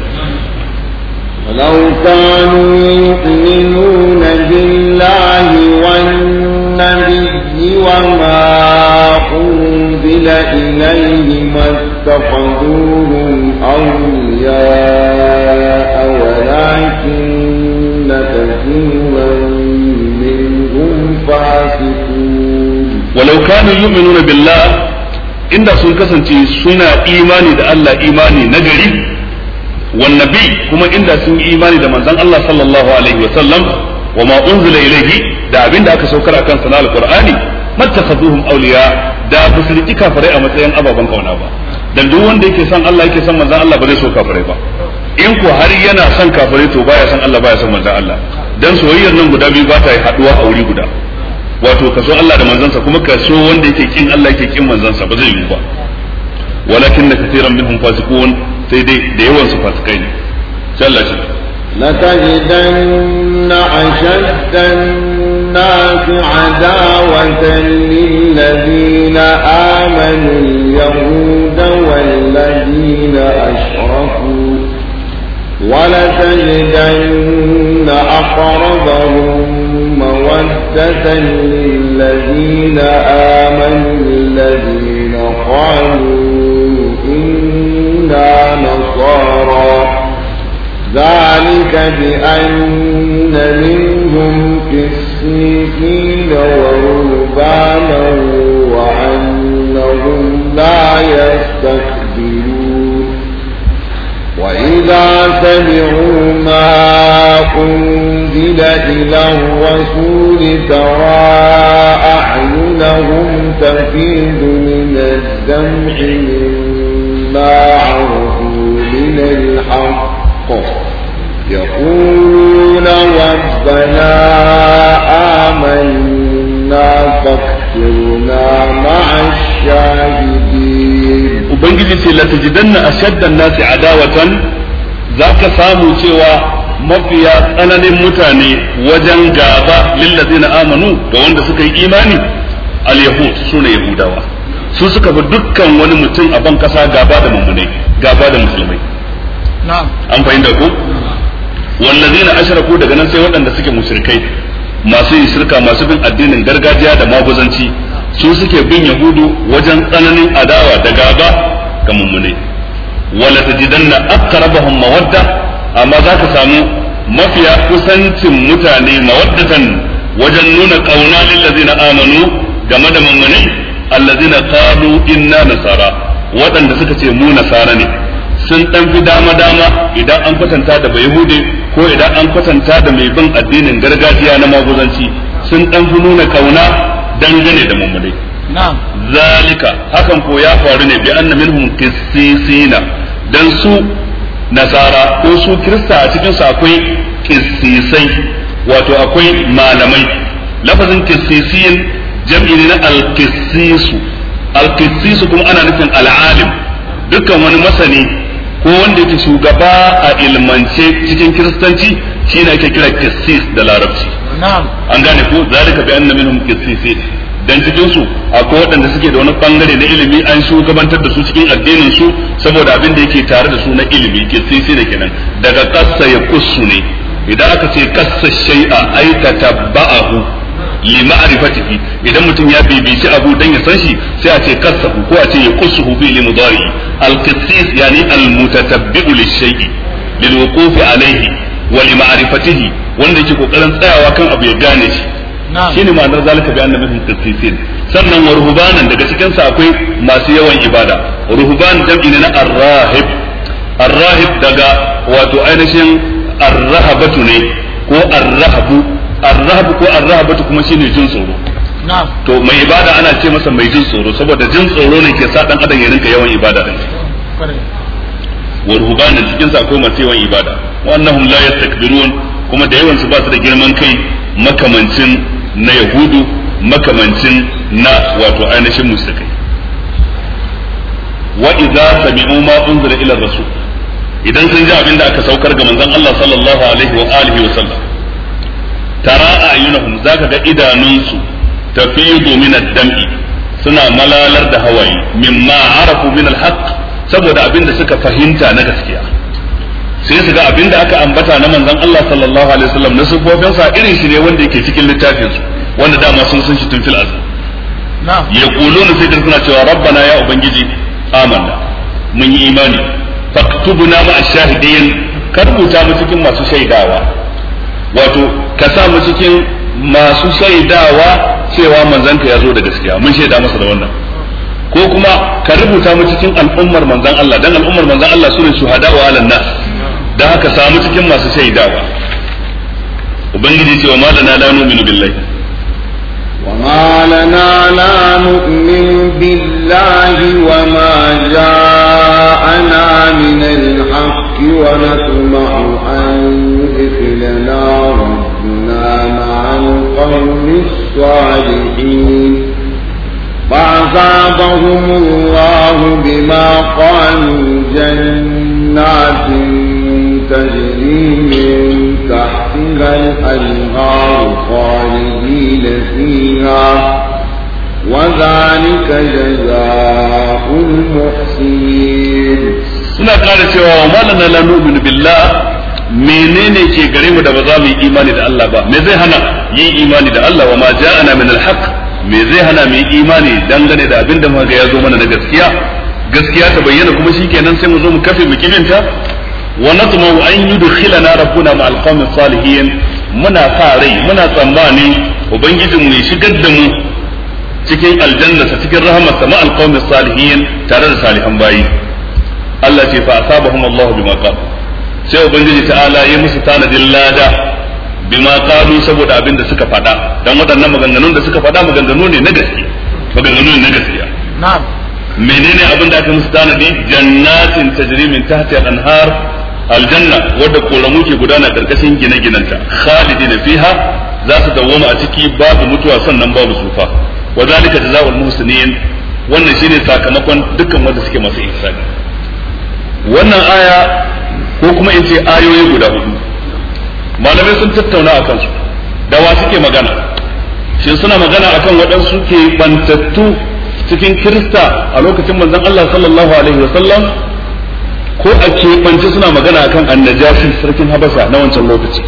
وما أنزل إليه ما اتخذوهم أولياء ولكن كثيرا منهم فاسقون ولو كانوا يؤمنون بالله inda sun kasance suna imani da Allah imani na gari wan kuma inda sun yi imani da manzon Allah sallallahu alaihi wa wa ma unzila ilayhi da abinda aka saukar akan sana alqur'ani mattakhaduhum awliya da musulki kafirai a matsayin ababen kauna ba dan duk wanda yake son Allah yake son manzon Allah ba zai so kafirai ba in ko har yana son kafirai to baya son Allah baya son manzon Allah dan soyayyar nan guda biyu ba ta haduwa a wuri guda wato ka so Allah da manzansa kuma ka so wanda yake kin Allah yake kin manzansa ba zai yi ba walakin na katiran minhum fasikun sai dai da yawan su fasikai ne sai Allah shi لتجدن أشد الناس عداوة للذين آمنوا اليهود والذين أشركوا ولتجدن أقربهم بغتة للذين آمنوا الذين قالوا إنا نصارى ذلك بأن منهم كسيكين ورهبانا وأنهم لا يستكبرون إذا سمعوا ما أنزل إلى الرسول ترى أعينهم تفيض من الدمع مما عرفوا من الحق يقولون ربنا آمنا فاكثرنا مع الشاهدين ubangiji ce la tajidanna ashaddan nasi adawatan zaka samu cewa mafiya tsananin mutane wajen gaba lillazina amanu da wanda suka yi imani al-yahud sune yahudawa su suka fi dukkan wani mutum a ban kasa gaba da mummunai gaba da musulmai an fahimta ko wallazina ashraku daga nan sai waɗanda suke musulkai masu yin shirka masu bin addinin gargajiya da maguzanci su suke bin yahudu wajen tsananin adawa da gaba ga mummune wala tajidanna aqrabahum mawadda amma za ka samu mafiya kusancin mutane mawaddatan wajen nuna kauna lillazina amanu game da mummune allazina qalu inna nasara waɗanda suka ce mu nasara ne sun dan fi dama dama idan an kwatanta da hude ko idan an kwatanta da mai bin addinin gargajiya na maguzanci sun dan fi nuna kauna dangane da mummunai zalika hakan ko ya faru ne bi anna minhum qissisina dan su nasara ko su kirista a cikin su akwai qissisai wato akwai malamai lafazin qissisin jam'i ne na al-qissisu al-qissisu kuma ana nufin al-alim dukkan wani masani ko wanda yake shugaba a ilmance cikin kiristanci shine ake kira qissis da larabci na'am an gane ko zalika bi anna minhum dan cikin su akwai waɗanda suke da wani bangare na ilimi an shugabantar da su cikin addinin su saboda abin da yake tare da su na ilimi qissisi da kenan daga qassa ya kusu ne idan aka ce qassa shay'a ay tatabba'ahu li ma'rifatihi idan mutum ya bibici abu dan ya san shi sai a ce qassahu ko a ce ya qussuhu fi mudari al-qissis yani al-mutatabbi'u lish-shay'i lil-wuqufi alayhi wa li ma'rifatihi wanda yake kokarin tsayawa kan abu ya gane shi shine ma'anar zalika bi annabi tasisin sannan wa ruhbanan daga cikin sa akwai masu yawan ibada ruhban jam'i na arrahib arrahib daga wato ainihin arrahabatu ne ko arrahabu arrahabu ko arrahabatu kuma shine jin tsoro to mai ibada ana ce masa mai jin tsoro saboda jin tsoro ne ke sa dan adam ya rinka yawan ibada din wa ruhbanan cikin sa akwai masu yawan ibada wa annahum la yastakbirun kuma da yawansu su ba su da girman kai makamancin na yahudu makamancin na wato ainihin musulmai wa idza sami'u ma unzila ila rasul idan sun ji abin da aka saukar ga manzon Allah sallallahu alaihi wa alihi wa sallam tara ayunahum zaka ga idanunsu tafidu min ad-dam'i suna malalar da hawaye mimma arafu min al-haqq saboda abin da suka fahimta na gaskiya sai su ga abinda aka ambata na manzon Allah sallallahu alaihi wasallam na sufofin sa irin shi ne wanda yake cikin littafin su wanda dama sun san shi tun fil azab ya kuluna sai suna cewa rabbana ya ubangiji amanna mun yi imani faktubuna ma ashahidin ka rubuta mu cikin masu shaidawa wato ka sa mu cikin masu shaidawa cewa manzanka ya zo da gaskiya mun shaida masa da wannan ko kuma ka rubuta mu cikin al'ummar manzan Allah dan al'ummar manzan Allah sune shuhada wa alan nas da aka samu cikin masu shaida. ubangiji ce wa ma lana la nu'minu billahi wa ma lana من تحتها الأنهار خالدين فيها وذلك جزاء المحسنين suna kara cewa wa malana la nu'minu menene ke gare mu da ba za mu yi imani da Allah ba me zai hana yi imani da Allah wa ma ja'ana min al-haq me zai hana mu yi imani dangane da abin da muka ga ya zo mana na gaskiya gaskiya ta bayyana kuma shikenan sai mu zo mu kafe mu kiminta wa natma'u an yudkhilana rabbuna ma'al qawmi salihin muna sa rai muna tsammani ubangijinmu ya shigar da mu cikin aljannata cikin rahmatsa ma'al qawmi salihin tare da salihan bayi Allah ce fa asabahum Allah bima qalu sai ubangiji ta'ala ya musu tanadin lada bima qalu saboda abin suka faɗa dan waɗannan maganganun da suka faɗa maganganu ne na gaske menene abin da aka musu tanadi jannatin tajri min tahtiha al aljanna wadda koramu ke gudana karkashin gine-ginanta khalidina fiha za su dawoma a ciki babu mutuwa sannan babu sufa wa zalika jazaul muhsinin wannan shine sakamakon dukkan wanda suke masu ihsani wannan aya ko kuma in ce ayoyi guda hudu malamai sun tattauna akan su da wa suke magana shin suna magana akan waɗansu ke bantattu cikin kirista a lokacin manzon Allah sallallahu alaihi wasallam ko a kebance suna magana akan annajashi sarkin Habasa na wancan lokaci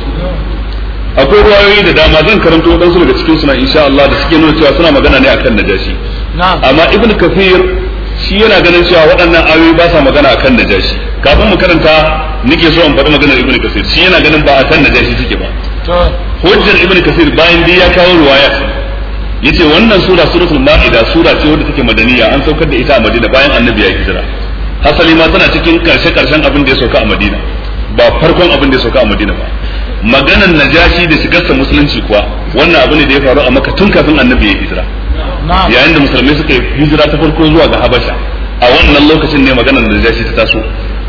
akwai ruwayoyi da dama zan karanto waɗansu daga cikin suna insha Allah da suke nuna cewa suna magana ne akan najashi amma ibn kafir shi yana ganin cewa waɗannan ayoyi ba sa magana akan najashi kafin mu karanta nake so in faɗi maganar ibn kafir shi yana ganin ba akan najashi suke ba hujjar ibn kafir bayan dai ya kawo ruwaya yace wannan sura suratul maida sura ce wadda take madaniya an saukar da ita a madina bayan annabi ya hijira asali ma tana cikin karshe karshen abin da ya sauka a madina ba farkon abin da ya sauka a madina ba maganan najashi da shigar sa musulunci kuwa wannan abu da ya faru a maka tun kafin annabi ya hijira yayin da musulmai suka yi hijira ta farko zuwa ga habasha a wannan lokacin ne maganan najashi ta taso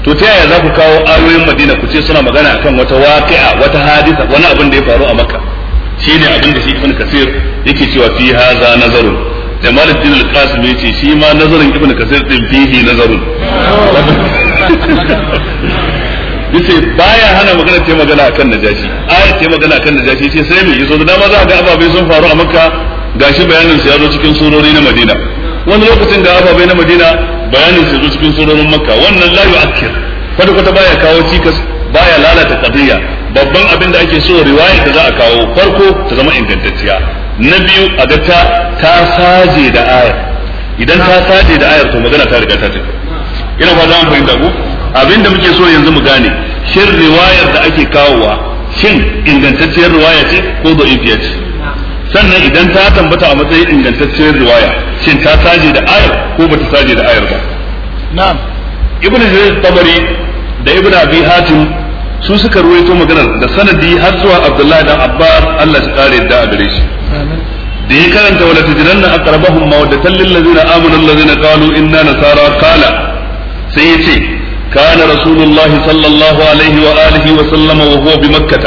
to ta yaya za ku kawo ayoyin madina ku ce suna magana akan wata waqi'a wata hadisa wani abin da ya faru a makka shine abin da shi ibn kasir yake cewa fi haza nazarun Da al-din al-qasim yace shi ma nazarin ibn kasir din fihi nazarun yace baya hana magana ce magana akan najashi aya ce magana akan najashi ce sai mai yaso da dama za a ga ababai sun faru a makka gashi bayanin su ya cikin surori na madina wani lokacin ga ababai na madina bayanin su zo cikin surorin makka wannan la yu'akkir kwata kwata baya kawo cikas baya lalata qadiyya babban abin da ake so riwaya da za a kawo farko ta zama ingantacciya na biyu a ga ta ta saje da ayar idan ta saje da ayar to magana ta riga ta tafi ina ba za mu fahimta ko abinda muke so yanzu mu gane shin riwayar da ake kawowa shin ingantacciyar riwaya ce ko da'ifiya ce sannan idan ta tambata a matsayin ingantacciyar riwaya shin ta saje da ayar ko bata saje da ayar ba na'am ibnu tabari da ibnu abi hatim su suka ruwaito maganar da sanadi har zuwa Abdullahi dan Abbas Allah shi kare yadda a gare shi da ya karanta a tajidanna aqrabahum mawaddatan tallin lazina amanu lazina qalu inna nasara qala sai ya ce kana rasulullahi sallallahu alaihi wa alihi wa sallama wa huwa bi makkah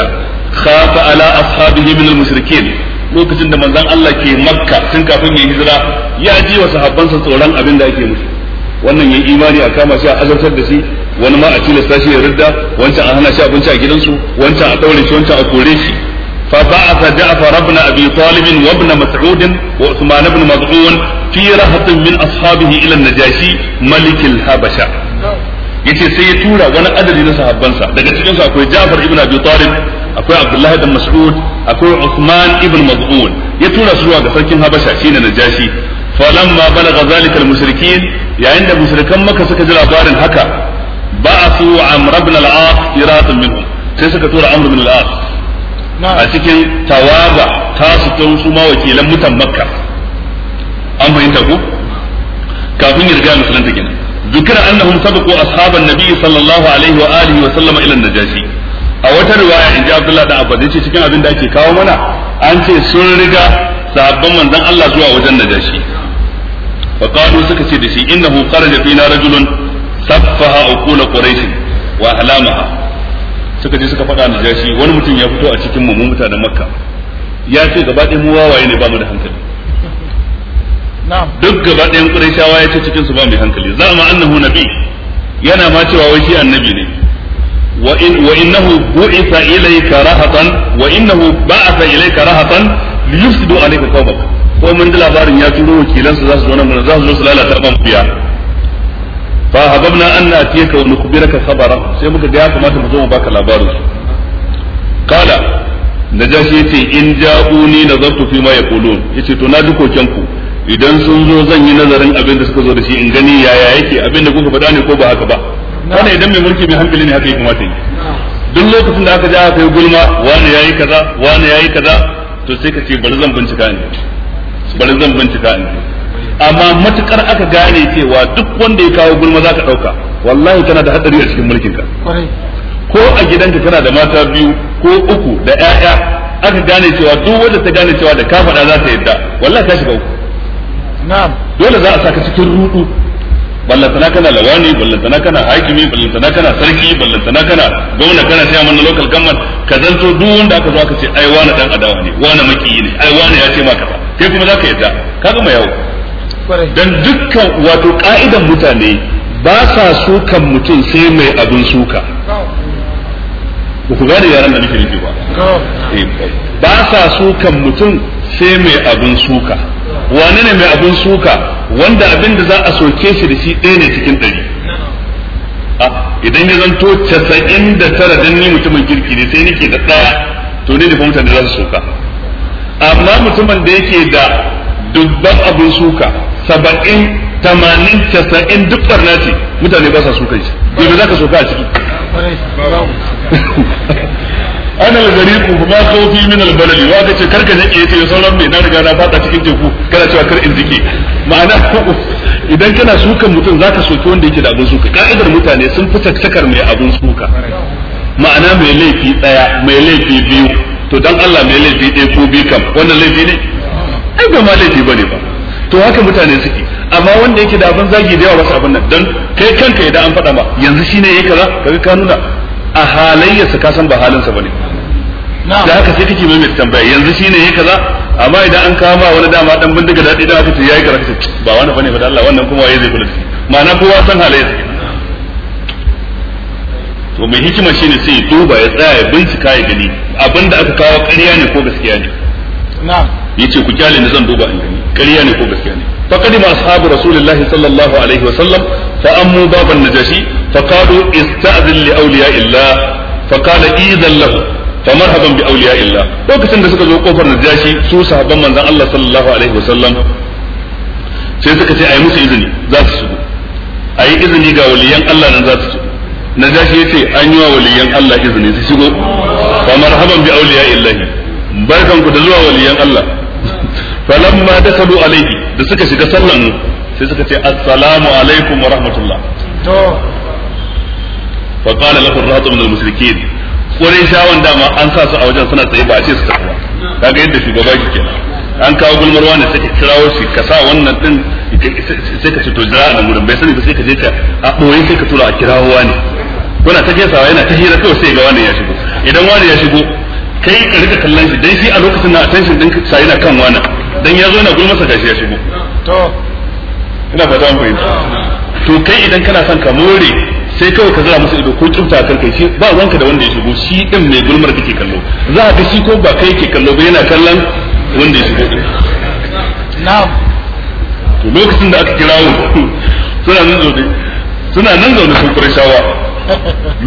khafa ala ashabihi min al mushrikin lokacin da manzon Allah ke makka tun kafin ya hijira ya ji wa sahabbansa tsoron abin da ake musu wannan yayi imani a kama shi a azartar da shi wani ma a tilasta shi ya ridda wancan a hana shi abinci a gidansu wancan a daure shi wancan a kore shi fa ba'atha Ja'far ibn Abi Talib wa ibn Mas'ud wa Uthman ibn Maz'un fi rahatin min ashabihi ila najashi malik al-Habasha yace sai ya tura wani adadi na sahabbansa daga cikin su akwai Ja'far ibn Abi Talib akwai Abdullah ibn Mas'ud akwai usman ibn Maz'un ya tura su zuwa ga sarkin Habasha shine najashi falamma balagha zalika al-mushrikeen yayin da mushrikan maka suka ji labarin haka ba'athu amr ibn al-as firatan minhum sai suka tura amr ibn a cikin tawaba tasu tun su ma makka an fahimta ku kafin ya riga musulunta kenan ذكر انهم سبقوا اصحاب النبي صلى الله عليه واله وسلم الى النجاشي a wata riwaya in ji Abdullah da Abbas yace cikin abin da ake kawo mana an ce sun riga sahabban manzon Allah zuwa wajen Najashi fa qalu suka ce da shi innahu kharaja fina rajulun saffaha uqula quraish wa ahlamaha suka je suka faɗa da jashi wani mutum ya fito a cikin mu mutanen makka ya ce gaba ɗaya mu wawaye ne ba mu da hankali duk gaba ɗaya ɗayan qurayshawa ya ce cikin su ba mai hankali za ma annahu nabi yana ma cewa wai shi annabi ne wa in wa innahu bu'itha ilayka rahatan wa innahu ba'atha ilayka rahatan liyufsidu alayka qawmak ko mun da labarin ya turo wakilansa za su zo nan za su zo su lalata ban biya fa hababna an natiyaka wa nukbiraka khabara sai muka ga ya kamata mu zo mu baka labarin su kala najashi yace in ja'uni nazartu fi ma yaqulun yace to na dukokin ku idan sun zo zan yi nazarin abin da suka zo da shi in gani yaya yake abin da kuka faɗa ne ko ba haka ba wannan idan mai mulki mai hankali ne haka yake kamata yi duk lokacin da aka ja aka yi gulma wani yayi kaza wani yayi kaza to sai ka ce bari zan bincika ne bari zan bincika ne amma matukar aka gane cewa duk wanda ya kawo gulma za ka dauka wallahi kana da hadari a cikin mulkin ka ko a gidanka kana da mata biyu ko uku da ƴaƴa aka gane cewa duk wanda ta gane cewa da ka faɗa za ta yadda wallahi ka shiga uku na'am dole za a saka cikin rudu ballantana kana lawani ballantana kana hakimi ballantana kana sarki ballantana kana gwamna kana sai mana local government ka zanto duk wanda aka zo aka ce ai wani dan adawa ne wani makiyi ne ai wani ya ce maka kai kuma zaka yadda kaga mai yawo dan dukkan wato ka'idan mutane ba sa sukan mutum sai mai abin suka ba ku gane yaran da nake nufi ba eh, ba sa sukan mutum sai mai abin suka wane ne mai abin suka wanda abin da za a soke shi da shi ɗaya ne cikin ɗari ah, idan ya zanto casa'in da tara don ni mutumin kirki ne sai nake da ɗaya to ne da mutane za su soka amma mutumin da yake da dubban abin suka saba'in tamanin casa'in duk barna ce mutane ba sa so kai yadda za ka so ka a ciki [LAUGHS] ana lagari ku fa ma khawfi min albalali balali wa kace karka ke yace sauran mai na riga na fada cikin teku kana cewa kar in jike ma'ana [LAUGHS] idan kana sukan mutum zaka soki wanda yake da abin suka ka'idar mutane sun fi sakar mai abin suka ma'ana mai laifi daya mai laifi biyu to dan Allah mai laifi ɗaya ko biyu kam wannan laifi ne ai ba ma laifi bane ba to haka mutane suke amma wanda yake da abin zagi da yawa wasu abin nan don kai kanka idan an faɗa ba yanzu shine yi kaza kaga ka nuna a halayyarsa ka san ba halinsa ba ne da haka sai kake mai tambaya yanzu shine yi kaza amma idan an kama wani dama dan bindiga daɗi da aka ce ya yi kaza ba wani bane ba Allah wannan kuma waye zai kula da shi ma'ana kowa san halayyarsa to mai hikima shi ne sai duba ya tsaya ya bincika ya gani abinda aka kawo ƙarya ne ko gaskiya ne na'am yace ku kyale ni zan duba in gani ƙarya ne ko gaskiya ne faqadi ma ashabu rasulillahi sallallahu alaihi wa sallam fa ammu baban najashi fa qalu ista'zin li awliya illah fa qala idan lahu fa marhaban bi awliya illah lokacin da suka zo kofar najashi su sahabban manzon Allah sallallahu alaihi wa sallam sai suka ce ayi musu izini za su shigo ayi izini ga waliyan Allah nan za su shigo najashi yace an yi wa waliyan Allah izini su shigo fa marhaban bi awliya illah barkan da zuwa waliyan Allah falamma dakalu alaihi da suka shiga sallan sai suka ce assalamu alaikum wa rahmatullah to fa qala lahu ar-rahatu min al-mushrikeen qurayshawan dama an sa su a wajen suna tsaye ba a ce su tafi kaga yadda shugaba ki kenan an kawo gulmarwa ne sai ka kirawo shi ka sa wannan din sai ka fito jira nan gurin bai sani ba sai ka je ka a boye sai ka tura a kirawo wani kuna ta gesawa yana ta hira kawai sai ga wani ya shigo idan wani ya shigo kai ka rika kallon shi dan shi a lokacin na attention din sa yana kan wani dan ya zo yana sa gashi ya shigo to ina fata mun fahimta to kai idan kana son ka more sai kawai ka zira musu ido ko tsufta kan kai shi ba wanka da wanda ya shigo shi din mai gulmar kake kallo za ka shi ko ba kai ke kallo ba yana kallon wanda ya shigo na'am to lokacin da aka mu suna nan zaune suna nan zaune sun kurishawa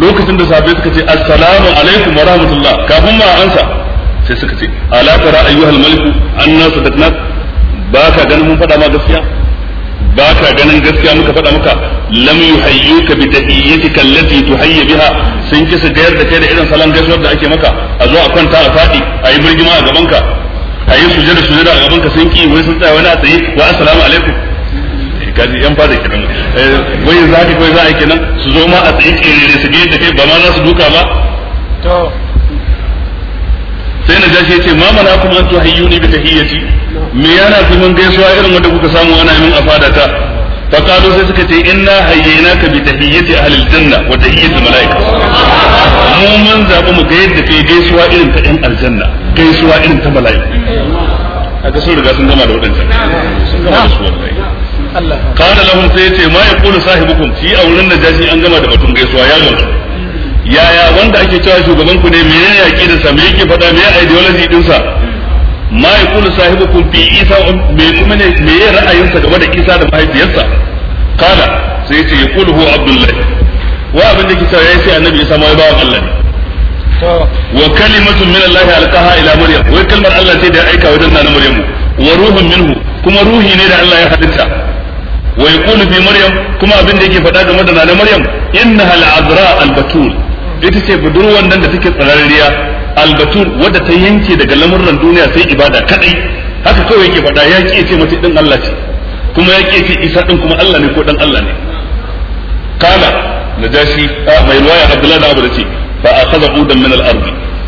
lokacin da sahabbai suka ce assalamu alaikum wa rahmatullah kafin ma ansa sai suka ce ala tara ayyuhal maliku anna sadaqna ba ka ganin mun faɗa ma gaskiya ba ka ganin gaskiya muka faɗa maka lam yuhayyuka bi tahiyyatika allati tuhayyi biha sun kisa gayar da kai da irin salon gaisuwar da ake maka a zo a kwanta a faɗi a yi birgima a gaban ka a yi sujada sujada a gaban ka sun ki wai sun tsaya wani a tsaye wa assalamu alaikum eh, kaji yan fada kenan eh, wai za ki kai za a kenan su zo ma a tsaye tsere su ga yadda kai ba ma za su duka ba to sai na jashi yace ma mana kuma an tuhayyuni bi tahiyyati me yana fi mun gaisuwa irin wanda kuka samu ana min a fadata fa kado sai suka ce inna hayyaynaka bi tahiyyati ahli aljanna wa tahiyyati malaika mu mun zabi mu ga yadda kai gaisuwa irin ta ɗan aljanna gaisuwa irin ta malaika aka sun riga sun gama da wadannan sun gama da su wallahi قال لهم سيتي ما يقول صاحبكم في an gama da دبتون gaisuwa ya gama yaya wanda ake cewa shugaban ku ne me ya yaki da sa me yake faɗa me ya ideology din sa ma yaqulu sahibukum bi isa me kuma ne me ya sa game da isa da mahaifiyarsa kala sai ya ce yaqulu hu abdullahi wa abin da kisa ya ce annabi isa ma ya bawa Allah ne wa kalimatun min Allah alqaha ila maryam wai kalmar Allah sai da ya aika wajen nan maryam wa ruhun minhu kuma ruhi ne da Allah ya halitta wa yaqulu fi maryam kuma abin da yake faɗa game da nan maryam innaha al-azra al-batul ita ce budurwar nan da take tsararriya albatun wadda ta yanke daga lamurran duniya sai ibada kadai haka kawai yake faɗa ya ki ce mace din Allah ce kuma ya ki ce Isa din kuma Allah ne ko dan Allah ne kala najashi a mai waya Abdullahi da Abu da ce fa akhadha udan min al-ard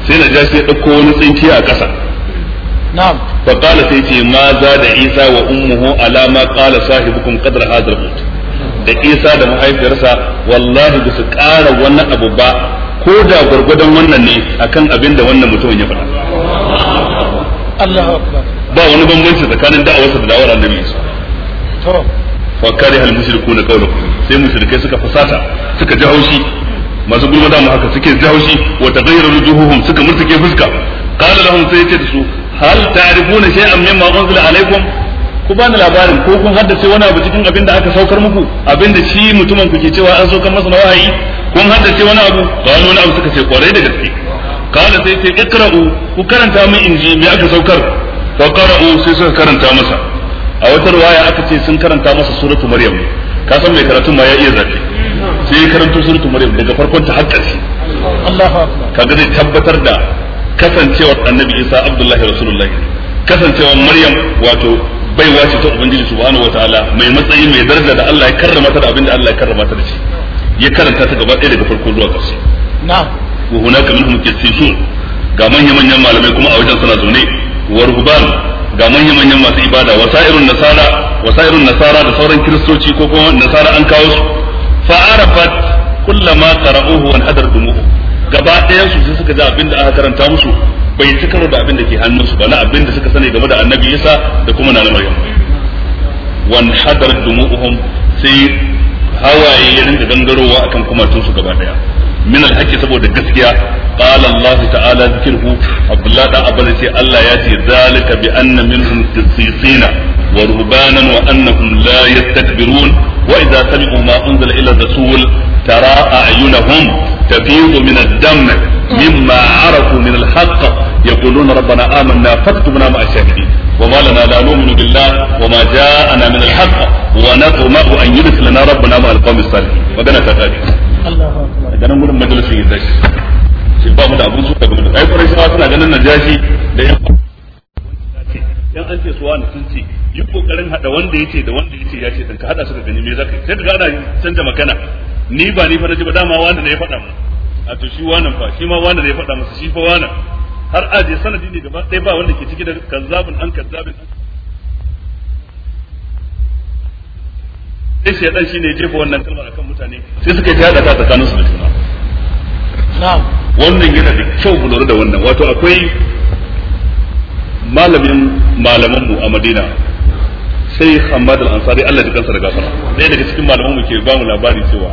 sai najashi ya dauko wani tsinki a ƙasa na'am fa kala sai ce ma za da Isa wa ummuhu ala ma qala sahibukum qadra hadha al da isa da mahaifiyarsa wallahi ba su ƙara wani abu ba ko da gwargwadon wannan ne akan abin da wannan mutumin ya faɗa ba wani bambanci tsakanin da'awarsa da da'awar annabi Isa to fa kariha al-mushrikuna qawluhu sai mushrikai suka fasata suka ji haushi masu gulma dama haka suke ji haushi wa taghayyara wujuhuhum suka ke fuska qala lahum sai yace da su hal ta'rifuna shay'an mimma unzila alaykum ku bani labarin ko kun haddace wani abu cikin abin da aka saukar muku abin da shi mutumin ku ke cewa an saukar masa na wahayi kun haddace wani abu Ba wani abu suka ce kwarai da gaske kala sai ce ikra'u ku karanta min inji me aka saukar fa qara'u sai suka karanta masa a wata riwaya aka ce sun karanta masa suratul maryam ka san mai karatun ma ya iya zafi sai ya karanto suratul maryam daga farkon ta har ƙarshe Allahu akbar kaga zai tabbatar da kasancewar annabi Isa Abdullahi Rasulullah kasancewar Maryam wato baiwa ce ta Ubangiji subhanahu wataala mai matsayi mai daraja da Allah ya karrama ta da abinda Allah ya karrama ta da shi ya karanta ta gaba ɗaya daga farko zuwa ƙarshe na'am wa hunaka minhum qissisun ga manyan manyan malamai kuma a wajen suna zaune wa ruhban ga manyan manyan masu ibada wa sa'irun nasara wa nasara da sauran kiristoci ko kuma nasara an kawo su fa arafat kullama qara'uhu wa hadar dumu'u gaba ɗayan su sai suka ji abin da aka karanta musu bai ci da abin da ke hannunsu ba na abin da suka sani game da annabi Isa da kuma na Maryam wan hadar dumu'uhum sai hawaye ya rinka gangarowa akan kumatun su gaba daya min alhaqi saboda gaskiya qala Allah ta'ala zikruhu Abdullah da abala ce Allah ya ce zalika bi anna minhum qissina wa rubanan wa annahum la yastakbirun wa idza sami'u ma unzila ila rasul tara a'yunahum تفيض من الدم مما عرفوا من الحق يقولون ربنا آمنا فاكتبنا مع الشاهدين وما لنا لا نؤمن بالله وما جاءنا من الحق ونطمع أن يدخلنا ربنا مع القوم الصالحين وقنا تقالي إذا نقول مجلس يزاش da abun suka game da ai kwarai shawa suna ganin yan an ce su wani sun ce yi kokarin hada wanda yace da wanda yace ya ce ka hada su da gani me zaka sai daga ana canza magana ni ba ni fa na ji ba dama wanda ne ya faɗa mu a to shi wannan fa shi ma wanda ne ya faɗa masa shi fa wannan har aje sanadi ne gaba ɗaya ba wanda ke ciki da kazzabin an kazzabin sai dan shine ya jefa wannan kalmar akan mutane sai suka yi hada ta tsakanin su da juna wannan yana da kyau mu lura da wannan wato akwai malamin malaman mu a Madina sai Hamad al-Ansari Allah ya kansa da gafara ɗaya daga cikin malaman mu ke ba mu labari cewa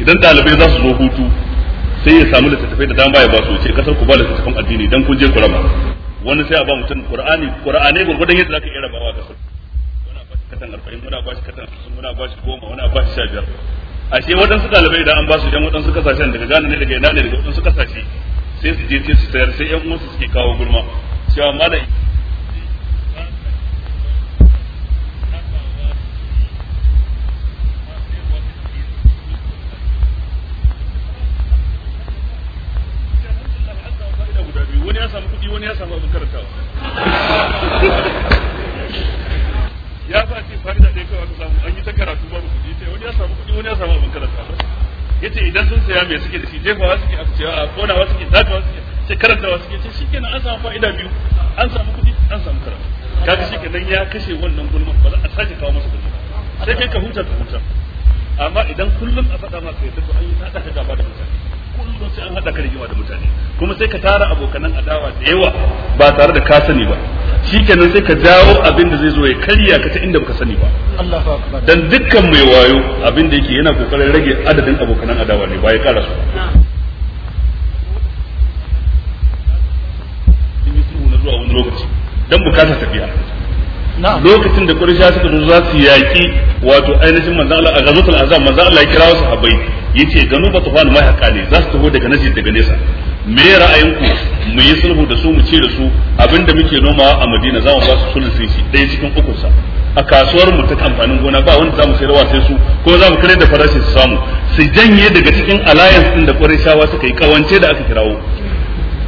idan dalibai za su zo hutu sai ya samu littattafai da dama ya ba su ce kasar ku ba littattafan addini dan kun je ku rama. wani sai a ba mutum Qur'ani Qur'ani gurgurdan yadda zaka iya rabawa kasar wani ba shi katan 40 wani ba shi katan 50 wani ba shi 10 wani ba shi 15 ashe waɗansu dalibai idan an ba su dan waɗansu kasashen daga gane ne daga ina ne daga waɗansu kasashe sai su je su tayar sai ƴan uwansu suke kawo gurma cewa malai guda biyu wani ya samu kuɗi wani ya samu abin karantawa [LAUGHS] ya sa ce fa'ida ɗaya kawai aka samu an yi ta karatu mu kuɗi ce wani ya samu kuɗi wani ya samu abin karantawa ce idan sun saya mai suke da shi jefawa suke a cewa a konawa suke zagawa suke ce karantawa suke ce shikenan an samu fa'ida biyu an samu kuɗi an samu karatu kaga shikenan ya kashe wannan gulma ba za a sake kawo masa gulma sai kai ka huta ka huta amma idan kullum a faɗa maka yadda ko an yi ta ka gaba da mutane kullum sai an hada ka rigima da mutane kuma sai ka tara abokanan adawa da yawa ba tare da ka sani ba shikenan sai ka jawo abin da zai zo ya karya ka ta inda baka sani ba dan dukkan mai wayo abin da yake yana kokarin rage adadin abokanan adawa ne ba ya kara su dan bukata tafiya lokacin da Quraysh suka zo za su yaki wato ainihin manzo Allah a gazatul azam manzo Allah ya kira wasu habai yace ba tufan mai haka ne za su taho daga nasi daga nesa me ra'ayinku mu yi sulhu da su mu ce da su abinda muke nomawa a Madina za mu ba su sai shi ɗaya cikin ukun sa a kasuwar mu ta amfanin gona ba wanda za mu sayarwa sai su ko mu kare da farashin su samu su janye daga cikin alliance din da Qurayshawa suka yi kawance da aka kirawo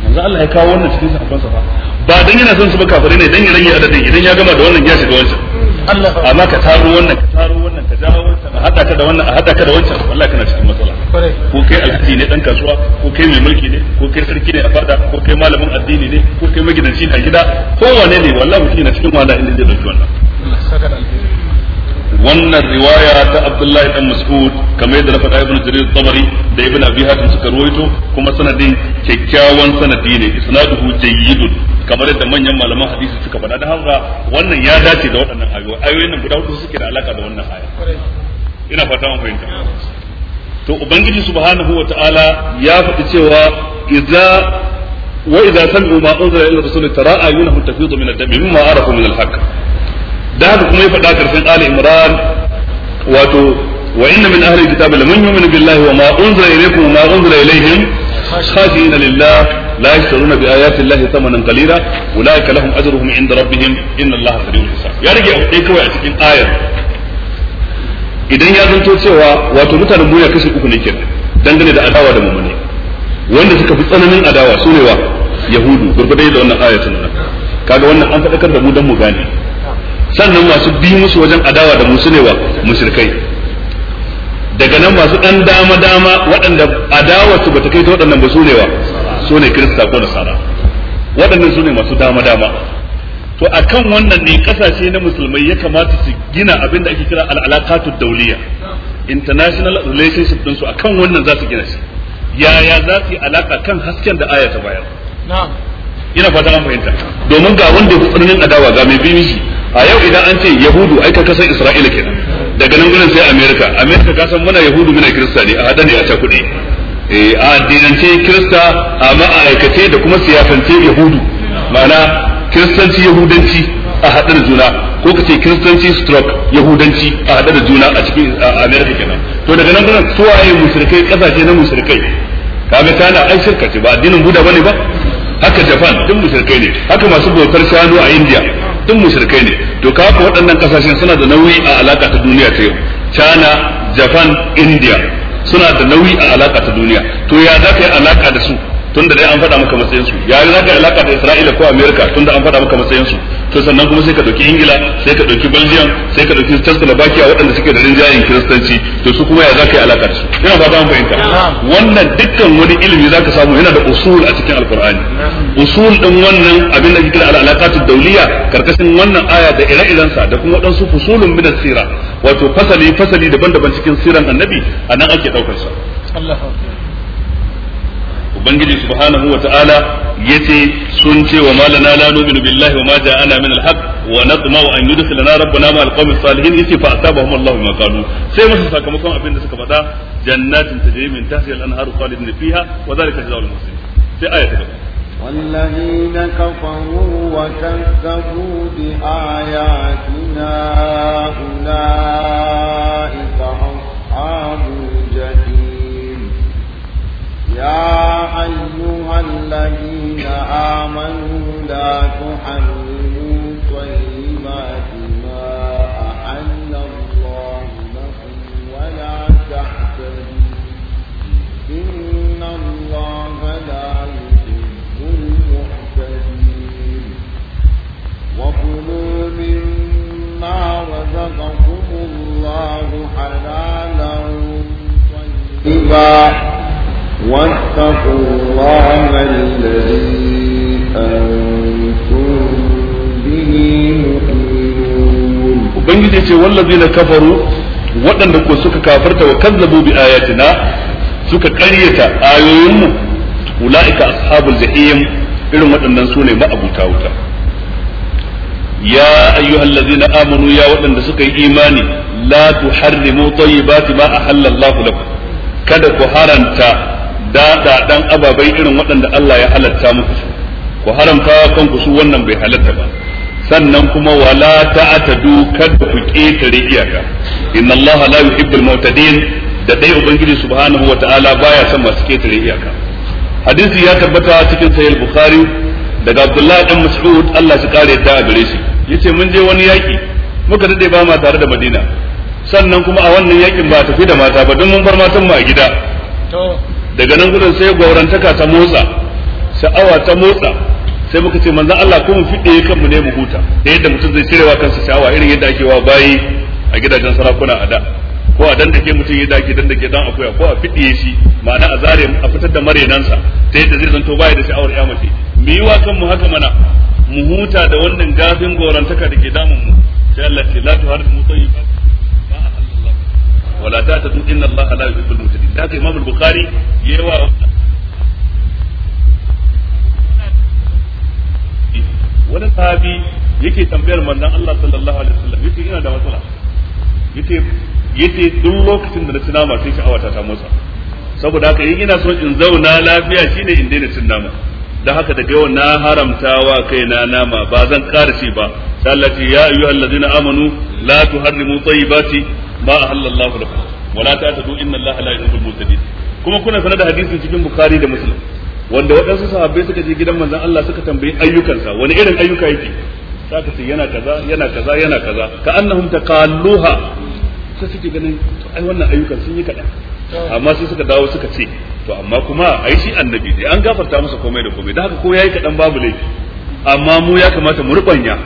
manzo Allah ya kawo wannan cikin a sa ba ba dan yana son su ba kafare ne dan ya rage adadin idan ya gama da wannan ya shiga wancan amma ka taro wannan ka taro wannan ka jawo wannan a hada ka da wannan a hada ka da wancan wallahi kana cikin matsala ko kai alhaji ne dan kasuwa ko kai mai mulki ne ko kai sarki ne a fada ko kai malamin addini ne ko kai magidanci ne a gida ko wane ne wallahi kina cikin wahala inda zai dauki wannan wannan riwaya ta Abdullahi dan Mas'ud kamar yadda na faɗa Ibn Jarir Tabari da Ibn Abi Hatim suka ruwaito kuma sanadin kyakkyawan sanadi ne isnaduhu jayyidun kamar yadda manyan malaman hadisi suka faɗa da haka wannan ya dace da waɗannan ayoyi ayoyin nan guda hudu suke da alaka da wannan aya ina fata mun fahimta to ubangiji subhanahu wataala ya faɗi cewa idza wa idza sami'u ma unzila ila rasul tara ayunahum tafidu min ad-dami mimma arafu min al-haqq da haka kuma ya faɗa karshen ali imran wato wa inna min ahli kitabi lamun yu'minu billahi wa ma unzila ilaykum wa ma unzila ilayhim khashiina lillah la yashtaruna bi ayati llahi thamanan qalila ulaika lahum ajruhum inda rabbihim inna allaha sari'ul hisab ya rage akwai kawai a cikin ayar idan ya zanto cewa wato mutanen mu ya kashe uku ne kenan dangane da adawa da mumune wanda suka fi tsananin adawa su ne wa yahudu gurgurdai da wannan kaga wannan an faɗakar da mu dan mu sannan masu bi musu wajen adawa da musu ne wa mushrikai daga nan masu dan dama dama waɗanda adawa su bata kai ta waɗannan ba su ne wa su ne kirista ko nasara waɗannan su ne masu dama dama to akan wannan ne kasashe na musulmai ya kamata su gina abin da ake kira al'alaqatu dawliya international relationship din su akan wannan za su gina shi yaya za su yi alaka kan hasken da aya ta bayar ina fata an fahimta domin ga wanda ya fi tsananin adawa ga mai bi mishi a yau idan an ce yahudu ai ka kasan isra'ila kenan daga nan gurin sai america america ka san muna yahudu muna kirista ne a hada ne a ta kuɗi eh, a addinance kirista a ma'aikace da kuma siyasance yahudu ma'ana kiristanci yahudanci a haɗar juna ko ka ce kiristanci stroke yahudanci a haɗar juna a cikin america kenan to daga nan gurin suwaye musulkai kasashe na ka kaga tana ai shirka ce ba addinin buda bane ba haka japan duk musulkai ne haka masu bautar shanu a india duk mushrikai ne to kafa waɗannan kasashen suna da nauyi a alaka ta duniya ta yau China Japan India suna da nauyi a alaka ta duniya to ya za ka yi alaka da su tunda dai an faɗa maka matsayin su ya za ka yi alaka da Isra'ila ko America tunda an faɗa maka matsayin su to sannan kuma sai ka dauki ingila sai ka dauki belgium sai ka dauki czechoslovakia waɗanda suke da rinjayen kiristanci to su kuma ya za ka yi alaƙar su ina ba an fahimta wannan dukkan wani ilimi za ka samu yana da usul a cikin alkur'ani usul din wannan abin da kira alaƙatu dauliya karkashin wannan aya da ire-irensa da kuma waɗansu fusulun na sira wato fasali fasali daban-daban cikin siran annabi a nan ake ɗaukar sa ubangiji subhanahu wa ta'ala yace sun ce wa malana la nu'minu billahi wa ma ja'ana min al-haq wa nadma'u an yudkhilana rabbuna ma al-qawmi salihin yace fa asabahum Allah bima qalu sai musu sakamakon abin da suka faɗa jannatin tajri min tahtiha al-anhar khalidin fiha wa dhalika jazaa'ul muslimin sai aya ta gaba والذين كفروا وكذبوا بآياتنا أولئك أصحاب يا أيها الذين آمنوا لا تحرموا طيبات ما أحل الله لكم ولا تعتدوا إن الله لا يحب المعتدين وكلوا مما رزقكم الله حلالا طيبا واتقوا الله الذي أنتم به ce وبنجي والذين كفروا waɗanda ko suka kafarta wa kazzabu bi ayatina suka ƙaryata ayoyinmu ula'ika ashabul jahim irin waɗannan su ne ma'abuta wuta ya ayyuhallazina amanu ya waɗanda suka yi imani la tuharrimu tayyibati ma a Allah lakum kada ku haranta da dan ababai irin waɗanda Allah ya halatta musu ku haramta kanku su wannan bai halatta ba sannan kuma wala ta'tadu kada ku ketare iyaka inna Allah la yuhibbul mu'tadin da dai ubangiji subhanahu wataala baya son masu ketare iyaka hadisi ya tabbata cikin sahih bukhari daga Abdullah dan Mas'ud Allah shi kare ta a gare shi yace mun je wani yaki muka dade ba ma tare da Madina sannan kuma a wannan yakin ba tafi da mata ba don mun bar matan mu a gida daga nan gudun sai gwaurantaka ta motsa sha'awa ta motsa sai muka ce manzan Allah kuma fiɗe kanmu ne mu huta da yadda mutum zai cirewa kansa sha'awa irin yadda ake wa bayi a gidajen sarakuna a da ko a dandake mutum yadda ake dandake dan akuya ko a fiɗe shi ma'ana a zare a fitar da marenansa ta yadda zai zanto baya da sha'awar ya mace mu yi wa kanmu haka mana mu huta da wannan gafin gaurantaka da ke damun mu sai Allah ce la mu tayyibat wala ta tadu inna allaha la yuhibbul mutadin haka imam al-bukhari yawa wani sahabi yake tambayar manzon Allah sallallahu alaihi wasallam yace ina da matsala yace yace duk lokacin da na ci nama sai sha'awata ta motsa saboda haka in ina so in zauna lafiya shine in daina cin nama da haka daga yau na haramta wa kaina nama ba zan ƙara ci ba sai Allah ce ya ayyuhal ladina amanu la tuharrimu tayyibati ba ma ahallallahu lakum wala ta ta'tadu inna allaha la yuhibbul mu'tadin kuma kuna sanar da hadisin cikin bukhari da muslim wanda waɗansu sahabbai suka je gidan manzon Allah suka tambayi ayyukansa wani irin ayyuka yake saka ce yana kaza yana kaza yana kaza ka annahum taqalluha sai suke ganin to ai wannan ayyukan sun yi kaɗan amma sai suka dawo suka ce to amma kuma ai shi annabi ne an gafarta masa komai da komai da haka ko yayi kaɗan babu laifi amma mu ya kamata mu rubanya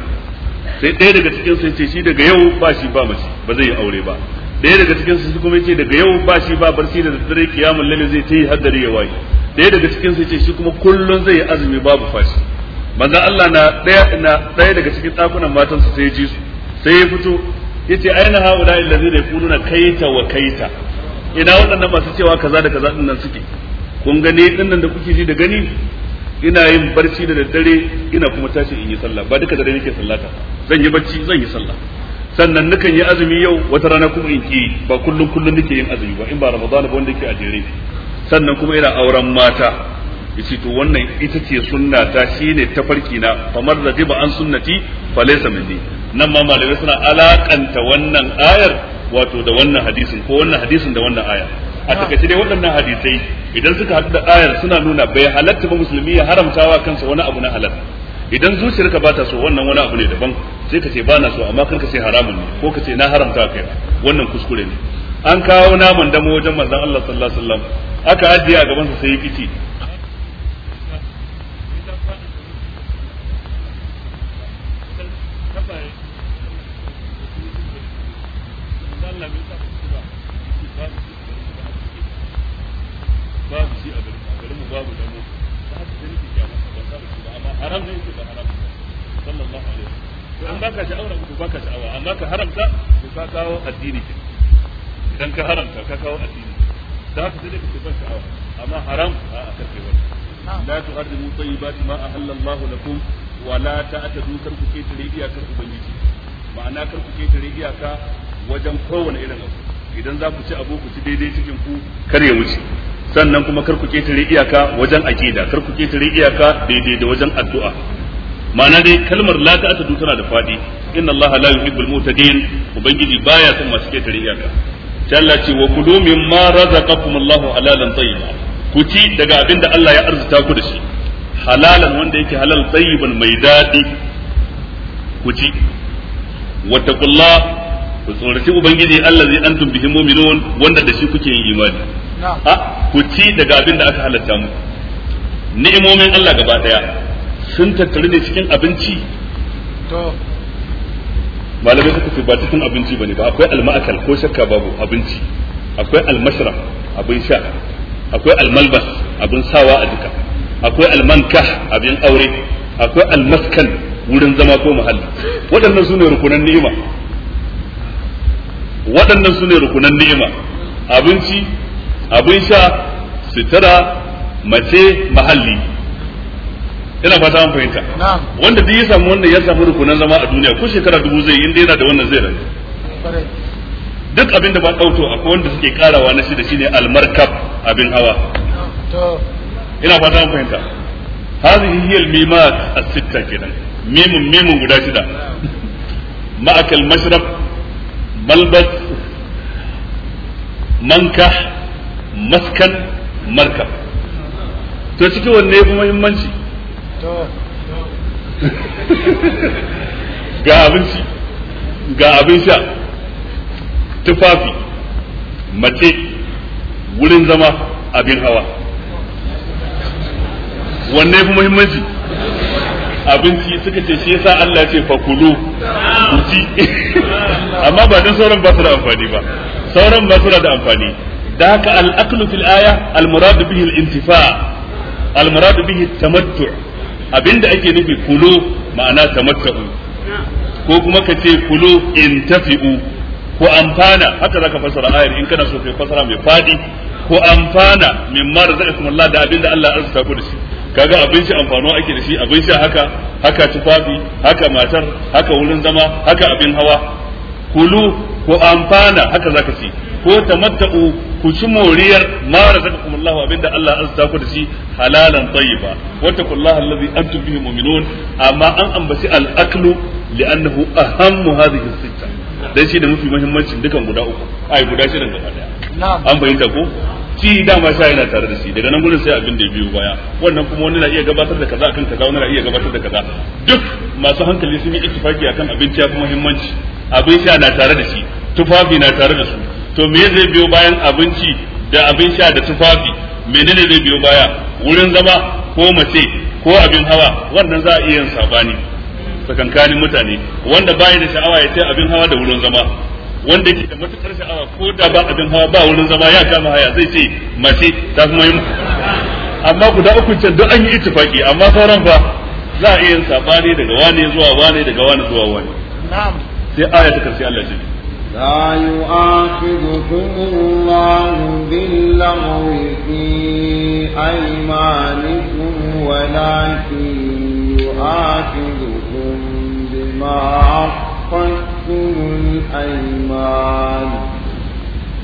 sai ɗaya daga cikin sun ce shi daga yau ba shi ba mace ba zai yi aure ba ɗaya daga cikin sun kuma ce daga yau ba shi ba barci da daddare kiyamun lalle zai ta yi haddare ya waye ɗaya daga cikin sun ce shi kuma kullun zai yi azumi babu fashi banza Allah na ɗaya na ɗaya daga cikin ɗakunan matan su sai ya ji su sai ya fito ce aina haula allazina yaquluna kaita wa kaita ina waɗannan masu cewa kaza da kaza ɗinnan suke kun gane nan da kuke ji da gani ina yin barci da daddare ina kuma tashi in yi sallah ba duka dare nake sallata zan yi bacci zan yi sallah sannan nukan yi azumi yau wata rana kuma in ki ba kullum kullum nake yin azumi ba in ba ramadana ba wanda yake a jere sannan kuma ina auren mata yace to wannan ita ce sunna ta shine tafarki na famar ba an sunnati fa laysa minni nan ma malamai suna alakanta wannan ayar wato da wannan hadisin ko wannan hadisin da wannan ayar. a ah. takaice dai waɗannan hadisai idan suka haɗu da ayar suna nuna bai halatta ba musulmi ya haramtawa kansa wani abu na halal idan zuciyarka ba ta so wannan wani abu ne daban sai ka ce ba na so amma kan ka ce haramun ne ko ka ce na haramta kai wannan kuskure ne an kawo naman damo wajen manzon Allah sallallahu alaihi wasallam aka ajiye a gaban sa sai kici babu shi a garin babu haram ne yake ba haram sallallahu alaihi wasallam an baka sha'awa ko baka sha'awa amma ka haramta to ka kawo addini ke idan ka haramta ka kawo addini da haka sai ka sha'awa amma haram a aka wani ku ketare iyakar ubangiji idan za ku ci abu ku ci daidai ku kar ya wuce sannan kuma kar ku ketare iyaka wajen aqida kar ku ketare iyaka daidai da wajen addu'a ma'ana dai kalmar la ta'tadu tana da fadi inna allaha la yuhibbul mu'tadin ubangiji baya son masu ketare iyaka sai Allah ce wa kulu mimma razaqakum Allahu halalan tayyiba ku ci daga abin da Allah ya arzuta ku da shi halalan wanda yake halal tayyiban mai dadi ku ci wattaqullah ku tsoraci ubangiji Allah allazi antum bihi mu'minun wanda da shi kuke yin imani a ku ci daga abin da aka halatta muku ni'imomin Allah gaba daya sun tattare ne cikin abinci to malamai suka ce ba cikin abinci bane ba akwai alma'akal ko shakka babu abinci akwai almashrab abin sha akwai almalbas abin sawa a duka akwai almankah abin aure akwai almaskan wurin zama ko muhalli waɗannan su ne rukunan ni'ima waɗannan su ne rukunan ni'ima abinci abin sha sutura mace mahalli ina fata an fahimta wanda duk ya samu wannan ya samu rukunan zama a duniya ko shekara dubu zai inda yana da wannan zai rayu duk abin da ba dauto akwai wanda suke karawa na shi da shine almarkab abin hawa ina fata an fahimta hazihi hiya almimat as-sitta kenan mimun mimun guda shida ma'akal mashrab balbat mankah maskan markab to cikin wanne ya fi muhimmanci ga abinci ga abin sha tufafi mace wurin zama abin hawa wanne ya fi muhimmanci abinci suka ce shi yasa Allah ce fakulu ku ci [LAUGHS] amma ba dan sauran ba su da amfani ba sauran ba su da amfani da haka al-aklu fil aya al-murad bihi al-intifa al-murad bihi tamattu abinda ake nufi kulu ma'ana tamattu ko kuma ka ce kulu intafi'u ko amfana haka zaka fasara ayar in kana so kai fasara mai fadi ko amfana mimma razaqakum Allah da abinda Allah ya arzuta ku da shi kaga abin shi amfano ake da shi abin sha haka haka tufafi haka matar haka wurin zama haka abin hawa kulu ko amfana haka zaka ce ko tamatta'u ku ci moriyar ma razaqakumullahu abinda Allah azza ku da shi halalan tayyiba wattaqullaha allazi antum bihi mu'minun amma an ambaci al-aklu li'annahu ahammu hadhihi as-sittah dan shi da mafi muhimmancin dukan guda uku ai guda da gaba daya an bayyana ko shi dama sha yana tare da shi daga nan gurin sai abin da ya biyo baya wannan kuma wani na iya gabatar da kaza akan kaza wani na iya gabatar da kaza duk masu hankali sun yi ittifaki akan abinci ya kuma muhimmanci abin sha na tare da shi tufafi na tare da su to me zai biyo bayan abinci da abin sha da tufafi menene zai biyo baya wurin zama ko mace ko abin hawa wannan za a iya yin sabani tsakankanin mutane wanda bayan da sha'awa ya ce abin hawa da wurin zama wanda yake da matukar sha'awa ko da ba abin hawa ba wurin zama ya kama haya zai ce mace ta kuma yi amma guda uku can duk an yi ittifaki amma sauran fa za a iya sabani daga wani zuwa wani daga wani zuwa wani sai aya ta karshe Allah ce لا يؤاخذكم الله fi aymanikum wa la يؤاخذكم بما عقدتم الأيمان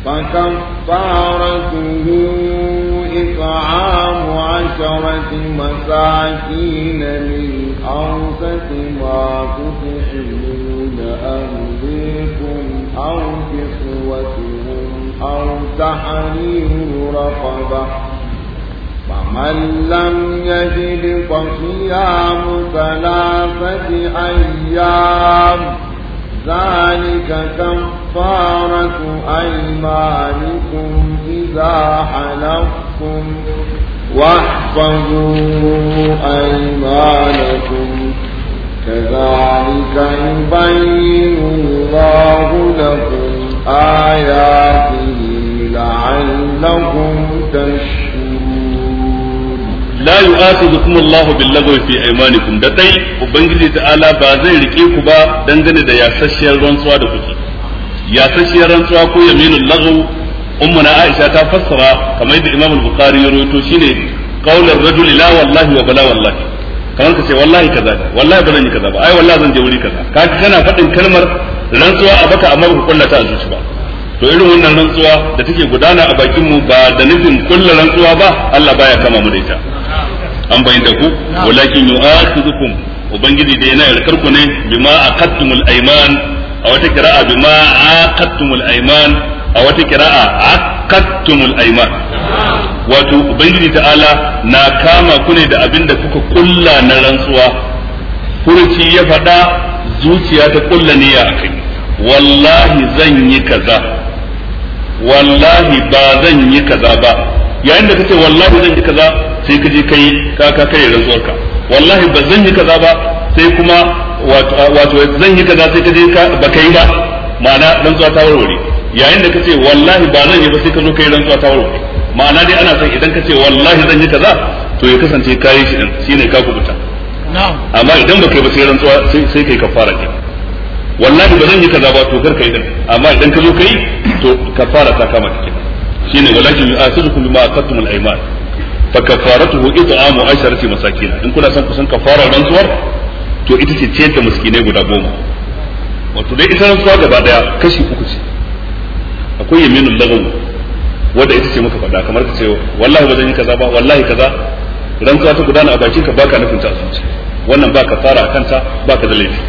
فكفارته إطعام عشرة مساكين من أوسط ما تطعمون أهليكم أو كسوتهم أو تحرير رقبة فمن لم يجد فصيام ثلاثة أيام ذلك كفارة أيمانكم إذا حلفتم واحفظوا أيمانكم كذلك يبين الله لكم آياته لعلكم تشكرون la yu'akhidhukum Allahu da dai ubangiji ta'ala ba zai rike ku ba dangane da yasasshiyar rantsuwa da kuke yasasshiyar rantsuwa ko yaminul lagwi ummu na Aisha ta fassara kamar yadda Imam al-Bukhari ya rawaito shine la wallahi wa bala wallahi kamar ka ce wallahi kaza wallahi yi kaza ba ai wallahi zan je wuri kaza ka kana faɗin kalmar rantsuwa a baka amma kullata a ba to irin wannan rantsuwa da take gudana a bakin mu ba da nufin kullu rantsuwa ba Allah baya kama mu da ita an bayyana ku walakin yu'akhidhukum ubangiji da yana yarkar ku ne bima aqattumul ayman a wata kira'a bima aqattumul ayman a wata kira'a aqattumul ayman wato ubangiji ta'ala na kama ku ne da abinda kuka kulla na rantsuwa furuci ya faɗa zuciya ta kulla niyya kai. wallahi zan yi kaza wallahi ba zan yi kaza ba yayin da kace wallahi zan yi kaza sai ka je kai ka ka kai rantsuwar ka wallahi ba zan yi kaza ba sai kuma wato zan yi kaza sai ka je ka ba kai ba ma'ana rantsuwa ta warware yayin da ka ce wallahi ba zan yi ba sai ka zo kai rantsuwa ta warware ma'ana dai ana son idan ka ce wallahi zan yi kaza to ya kasance kayi shi din shine ka kubuta amma idan ba kai ba sai rantsuwa sai kai kafara ke wallahi ba zan yi kaza ba to kar kai din amma idan ka zo kai to kafara ta kama kike shine walakin yu'asirukum bima al ayman fa kafaratuhu it'amu asharati masakin in kuna son kusan kafara rantsuwar to ita ce ciyar da miskinai guda goma wato dai ita rantsuwa gaba daya kashi uku ce akwai yaminul lagawu wanda ita ce muka faɗa kamar ka ce wallahi ba zan yi kaza ba wallahi kaza ta gudana a bakin ka baka nufin ta asuci wannan baka fara kanta baka da laifi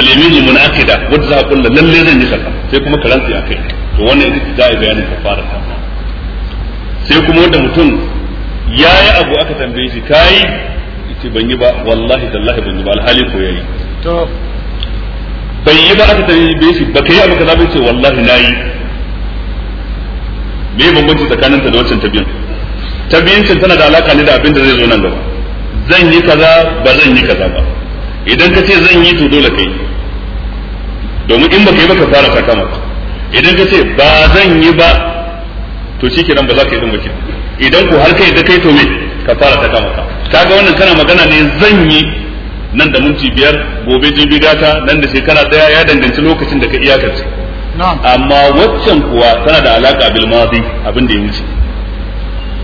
al-yaminu munaqida wanda za ka kulla lalle zan yi kaza sai kuma ka rantsi akai to wannan ita za a yi bayanin kafara ta sai kuma wanda mutum ya yi abu aka tambaye shi ka yi ce ban yi ba wallahi tallahi ban yi ba alhali ko ya yi. ban yi ba aka tambaye shi ba ka yi abu kaza ba ce wallahi na yi me bambanci tsakanin ta da wancan tabiyan tabiyancin tana da alaka ne da abin da zai zo nan gaba zan yi kaza ba zan yi kaza ba idan ka ce zan yi to dole ka yi domin in baka yi ba ka fara sakamaka idan ka ce ba zan yi ba to kenan ba za ka yi zamba idan ko har kai da kai to me ka fara ta kama ka kaga wannan kana magana ne zan yi nan da minti biyar gobe jibi gata nan da shekara daya ya danganci lokacin da ka iyakance amma waccan kuwa tana da alaka bil madi abin da ya wuce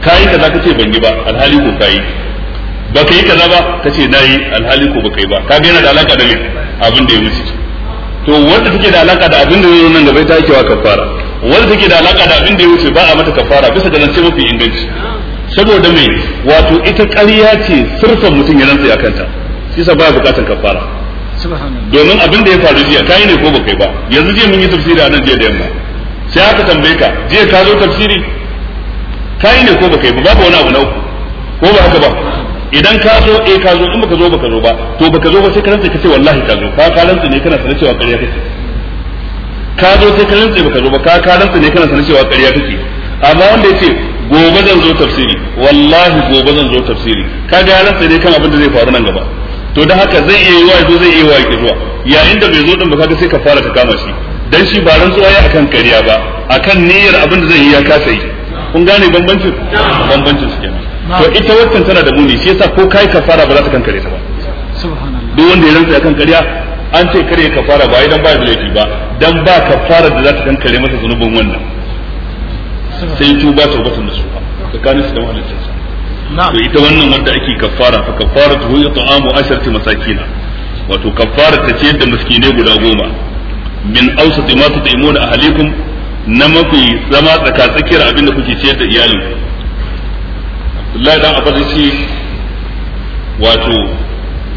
kai kaza ka ce ban yi ba alhali ko kai ba ka yi kaza ba ka ce na yi alhali ko ba kai ba kaga yana da alaka da abin da ya wuce to wanda take da alaka da abin da ya zo nan gaba ita ake wa kafara wanda take da alaka da abin da ya wuce ba a mata kafara bisa ga lance mafi inganci saboda mai wato ita ƙarya ce surfan mutum ya rantsa kanta shi sa baya bukatar kafara domin abin da ya faru jiya kai ne ko bakai ba yanzu jiya mun yi tafsiri a nan jiya da yamma sai aka tambaye ka jiya ka zo tafsiri kai ne ko bakai ba babu wani abu na uku ko ba haka ba idan ka zo eh ka zo in baka zo baka zo ba to baka zo ba sai ka rantsa kace wallahi ka zo ka ka rantsa ne kana sanar cewa ƙarya kake ka zo sai ka rantsa baka zo ba ka ka rantsa ne kana sanin cewa ƙarya kake amma wanda yace gobe zan zo tafsiri wallahi gobe zan zo tafsiri ka ga rantsa ne kan abin da zai faru nan gaba to da haka zai iya yiwa zo zai iya yiwa ki zuwa yayin da bai zo din ba ka ga sai ka fara ka kama shi dan shi ba zuwa ya akan ƙarya ba akan niyyar abin da zai yi ya kasa yi kun gane bambancin bambancin su kenan to ita wannan tana da muni shi yasa ko kai ka fara ba za ta kankare ta ba Subhanallah. duk wanda ya rantsa akan ƙarya an ce kare kafara ba idan ba da laifi ba dan ba kafara da za ta kankare masa zunubin wannan sai tuba tawbatan nasuha tsakanin su da mahaliccinsa to ita wannan wanda ake kafara fa kafara kafaratu yut'amu asharati masakina wato kafara ta ciyar da miskinai guda goma min awsati ma tut'imuna ahlikum na mafi zama tsaka tsakiyar abin da kuke ciyar da iyalin Abdullahi dan Abbas shi wato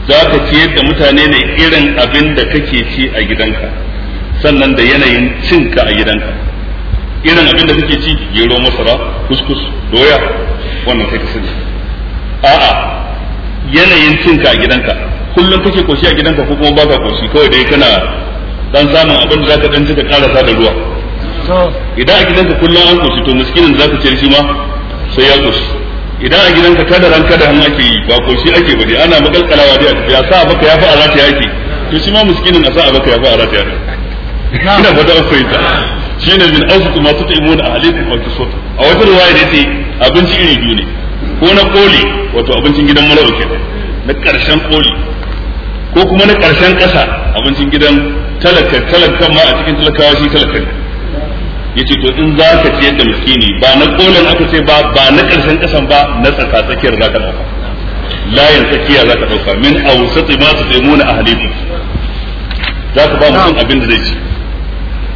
za ka ciyar da mutane ne irin abin da kake ci a gidanka sannan da yanayin cinka a gidanka irin abin da kake ci gero masara kuskus doya wannan kai ka sani a'a yanayin cinka a gidanka kullum kake koshi a gidanka ko kuma baka koshi kawai dai kana dan samun abin da zaka dan cika karasa da ruwa idan a gidanka kullum an koshi to miskinin zaka ciyar shi ma sai ya koshi idan a gidanka kada ran kada hannu ake yi ba ko shi ake bane ana makalkalawa dai a tafiya sa a baka ya fa a rata yake to shi ma miskinin a sa a baka ya fa a rata yake ina akwai ta shi shine min azku ma tut'imun ahlikum wa so a wata riwaya da ce abinci iri biyu ne ko na koli wato abincin gidan marawa ke na karshen koli ko kuma na karshen kasa abincin gidan talaka talakan ma a cikin talakawa shi ne yace to in za ka ciyar da miskini ba na kolin aka ce ba ba na karshen kasan ba na tsaka tsakiyar za ka dauka layin tsakiya za ka dauka min awsati ma tutimuna ahlikum za ka ba mutum abin da zai ci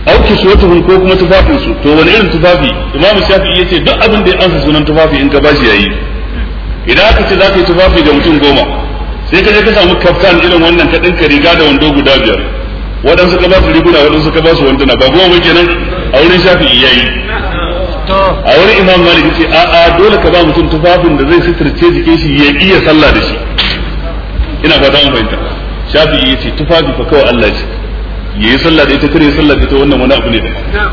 aw kiswatuhum ko kuma tufafin su to wani irin tufafi imamu ya ce duk abin da ya ansa sunan tufafi in ka bashi yayi idan aka ce za ka yi tufafi ga mutum goma sai ka je ka samu kaftan irin wannan ka dinka riga da wando guda biyar waɗansu ka ba su riguna waɗansu ka ba su wanduna ba goma kenan a wurin ya yi. a wani imam malik ce a a dole ka ba mutum tufafin da zai suturce jikin shi ya iya sallah da shi ina fata an fahimta shafi'i ce tufafi fa kawai Allah ce yi sallah da ita kare sallah da ita wannan wani abu ne da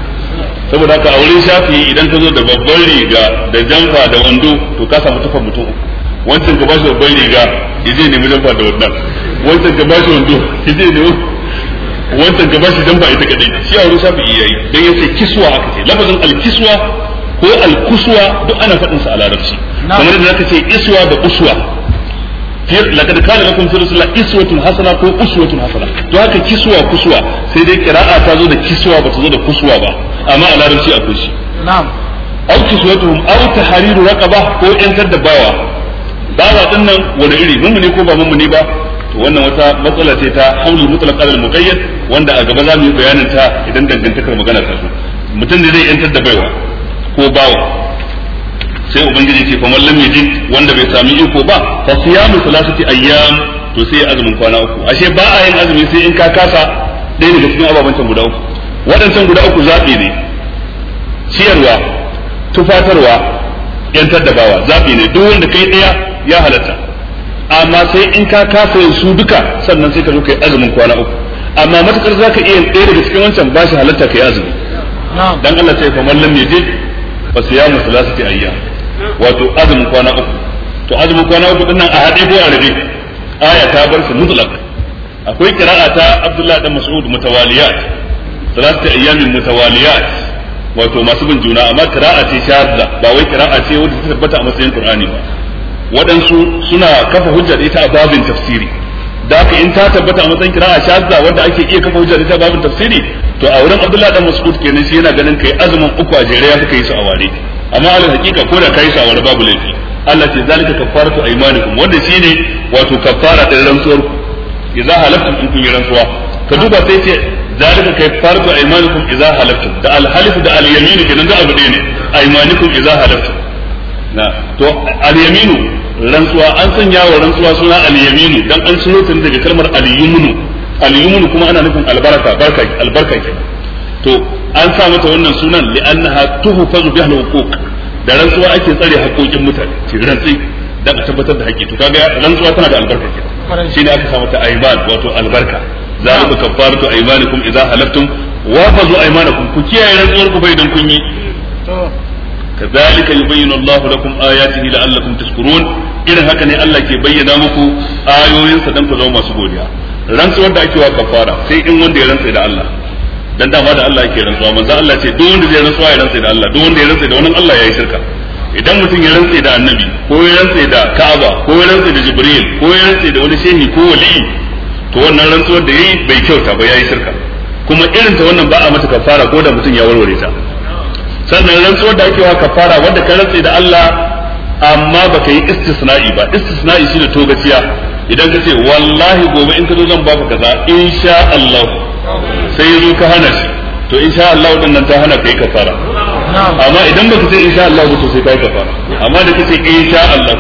saboda haka a wurin idan ka zo da babban riga da jamfa da wando to ka samu tufa mutum wancan ka ba shi babban riga ya je nemi jamfa da wannan wancan ka ba shi wando ya je nemi wancan ka bashi dan ba ita kadai shi a wurin shafi'i yayi dan yace kiswa aka ce lafazin al-kiswa ko al-kuswa duk ana faɗin sa a larabci kamar da zaka ce iswa da uswa laqad kana lakum fi rasulillah iswatun hasana ko uswatun hasana to haka kiswa kuswa sai dai qira'a ta zo da kiswa ba ta zo da kuswa ba amma a larabci akwai shi na'am aw kiswatuhum aw tahriru raqaba ko yantar da bawa bawa dinnan wani iri mun ko ba mun ba to wannan wata matsala ce ta haulul mutlaq al muqayyad wanda a gaba za mu yi bayanin ta idan dangantakar magana ta zo mutum ne zai yantar da baiwa ko bawa sai ubangiji ce faman lam yajid wanda bai sami iko ba fa siyamu thalathati ayyam to sai azumin kwana uku ashe ba a yin azumi sai in ka kasa ɗaya daga cikin ababen guda uku waɗancan guda uku zaɓi ne ciyarwa tufatarwa yantar da bawa zaɓi ne duk wanda kai ɗaya ya halatta amma sai in ka kasa yin su duka sannan sai ka zo kai azumin kwana uku amma matukar ka iya ɗaya daga cikin wancan ba shi halatta yi azumi dan Allah sai fa man lam yajid fa siyamu thalathati ayyam wato azumin kwana uku to azumin kwana uku dinnan a hade ko a rabe aya ta bar su mutlaq akwai qira'a ta Abdullah dan Mas'ud mutawaliyat thalathati ayyamin mutawaliyat wato masu bin juna amma kira'a ce shadda ba wai kira'a ce wanda ta tabbata a matsayin Qur'ani ba waɗansu suna kafa hujjar ita a babin tafsiri da haka in ta tabbata a matsayin kira'a shazza wanda ake iya kafa hujjar ita a babin tafsiri to a wurin Abdullah dan Mas'ud kenan shi yana ganin kai azumin uku a jere ya suka yi su a ware amma alal hakika ko da kai su a ware babu laifi Allah ce zalika kafaratu aymanikum wanda shine wato kafara da rantsuwar ku idza halaftum in kun yi rantsuwa ka duba sai ce zalika kafaratu aymanikum idza halaftum da alhalif da alyamin kenan da abu ne aymanikum idza halaftum na to alyaminu rantsuwa an sanya wa rantsuwa suna al-yaminu dan an ciro ta daga kalmar al-yumnu al-yumnu kuma ana nufin albarka barka ki albarka ki. to an sa mata wannan sunan li'annaha tuhfazu biha al-huquq da rantsuwa ake tsare haƙoƙin mutane ci rantsi dan a tabbatar da haƙƙi to kaga rantsuwa tana da albarka ki. shine aka sa mata ayman wato albarka za zalika kaffaratu aymanikum idza halaftum wa fazu aymanakum ku kiyaye rantsuwar ku bai dan kun yi كذلك يبين الله لكم آياته لعلكم تشكرون irin haka ne Allah ke bayyana muku ayoyinsa don ku zama masu godiya rantsuwar da ake wa kafara sai in wanda ya rantsa da Allah dan dama da Allah yake rantsuwa manzo Allah ce duk wanda zai rantsuwa ya rantsa da Allah duk wanda ya rantsa da wannan Allah ya yi shirka idan mutum ya rantsa da annabi ko ya rantsa da Ka'aba ko ya rantsa da Jibril ko ya rantsa da wani shehi ko wali to wannan rantsuwar da yayi bai kyauta ba yayi shirka kuma irin ta wannan ba a mata kafara ko da mutum ya warware ta sannan rantsuwar da ake wa kafara wanda ka rantsa da Allah amma baka yi istisna'i ba istisna'i shine to gaciya idan ka ce wallahi gobe in ka zo zan baka kaza insha Allah sai yazo ka hana shi to insha Allah din nan ta hana kai kafara amma idan baka ce insha Allah ba to sai kai kafara amma da kace insha Allah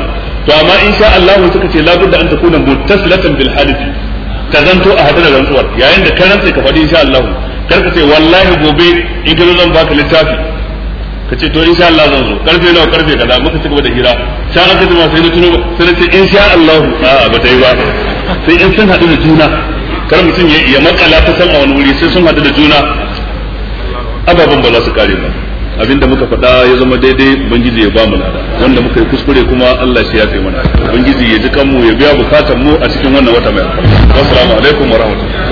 to amma insha Allah suka ce labudda an takuna muttasilatan bil hadisi ka zanto a hadar rantsuwar yayin da ka rantsa ka faɗi insha Allah kar ka ce wallahi gobe in ka zo zan baka littafi ka ce to sha Allah zan zo karfe nawa karfe kaza muka ci gaba da hira sha aka ma sai na tuno sai na ce sha Allah a ba ta yi ba sai in sun haɗu da juna kar mutum ya makala ta san a wani wuri sai sun haɗu da juna ababen ba za su kare ba da muka faɗa ya zama daidai ubangiji ya ba mu lada wanda muka yi kuskure kuma Allah shi ya kai mana ubangiji ya ji kanmu ya biya bukatan mu a cikin wannan wata mai alfarma assalamu alaikum wa rahmatullahi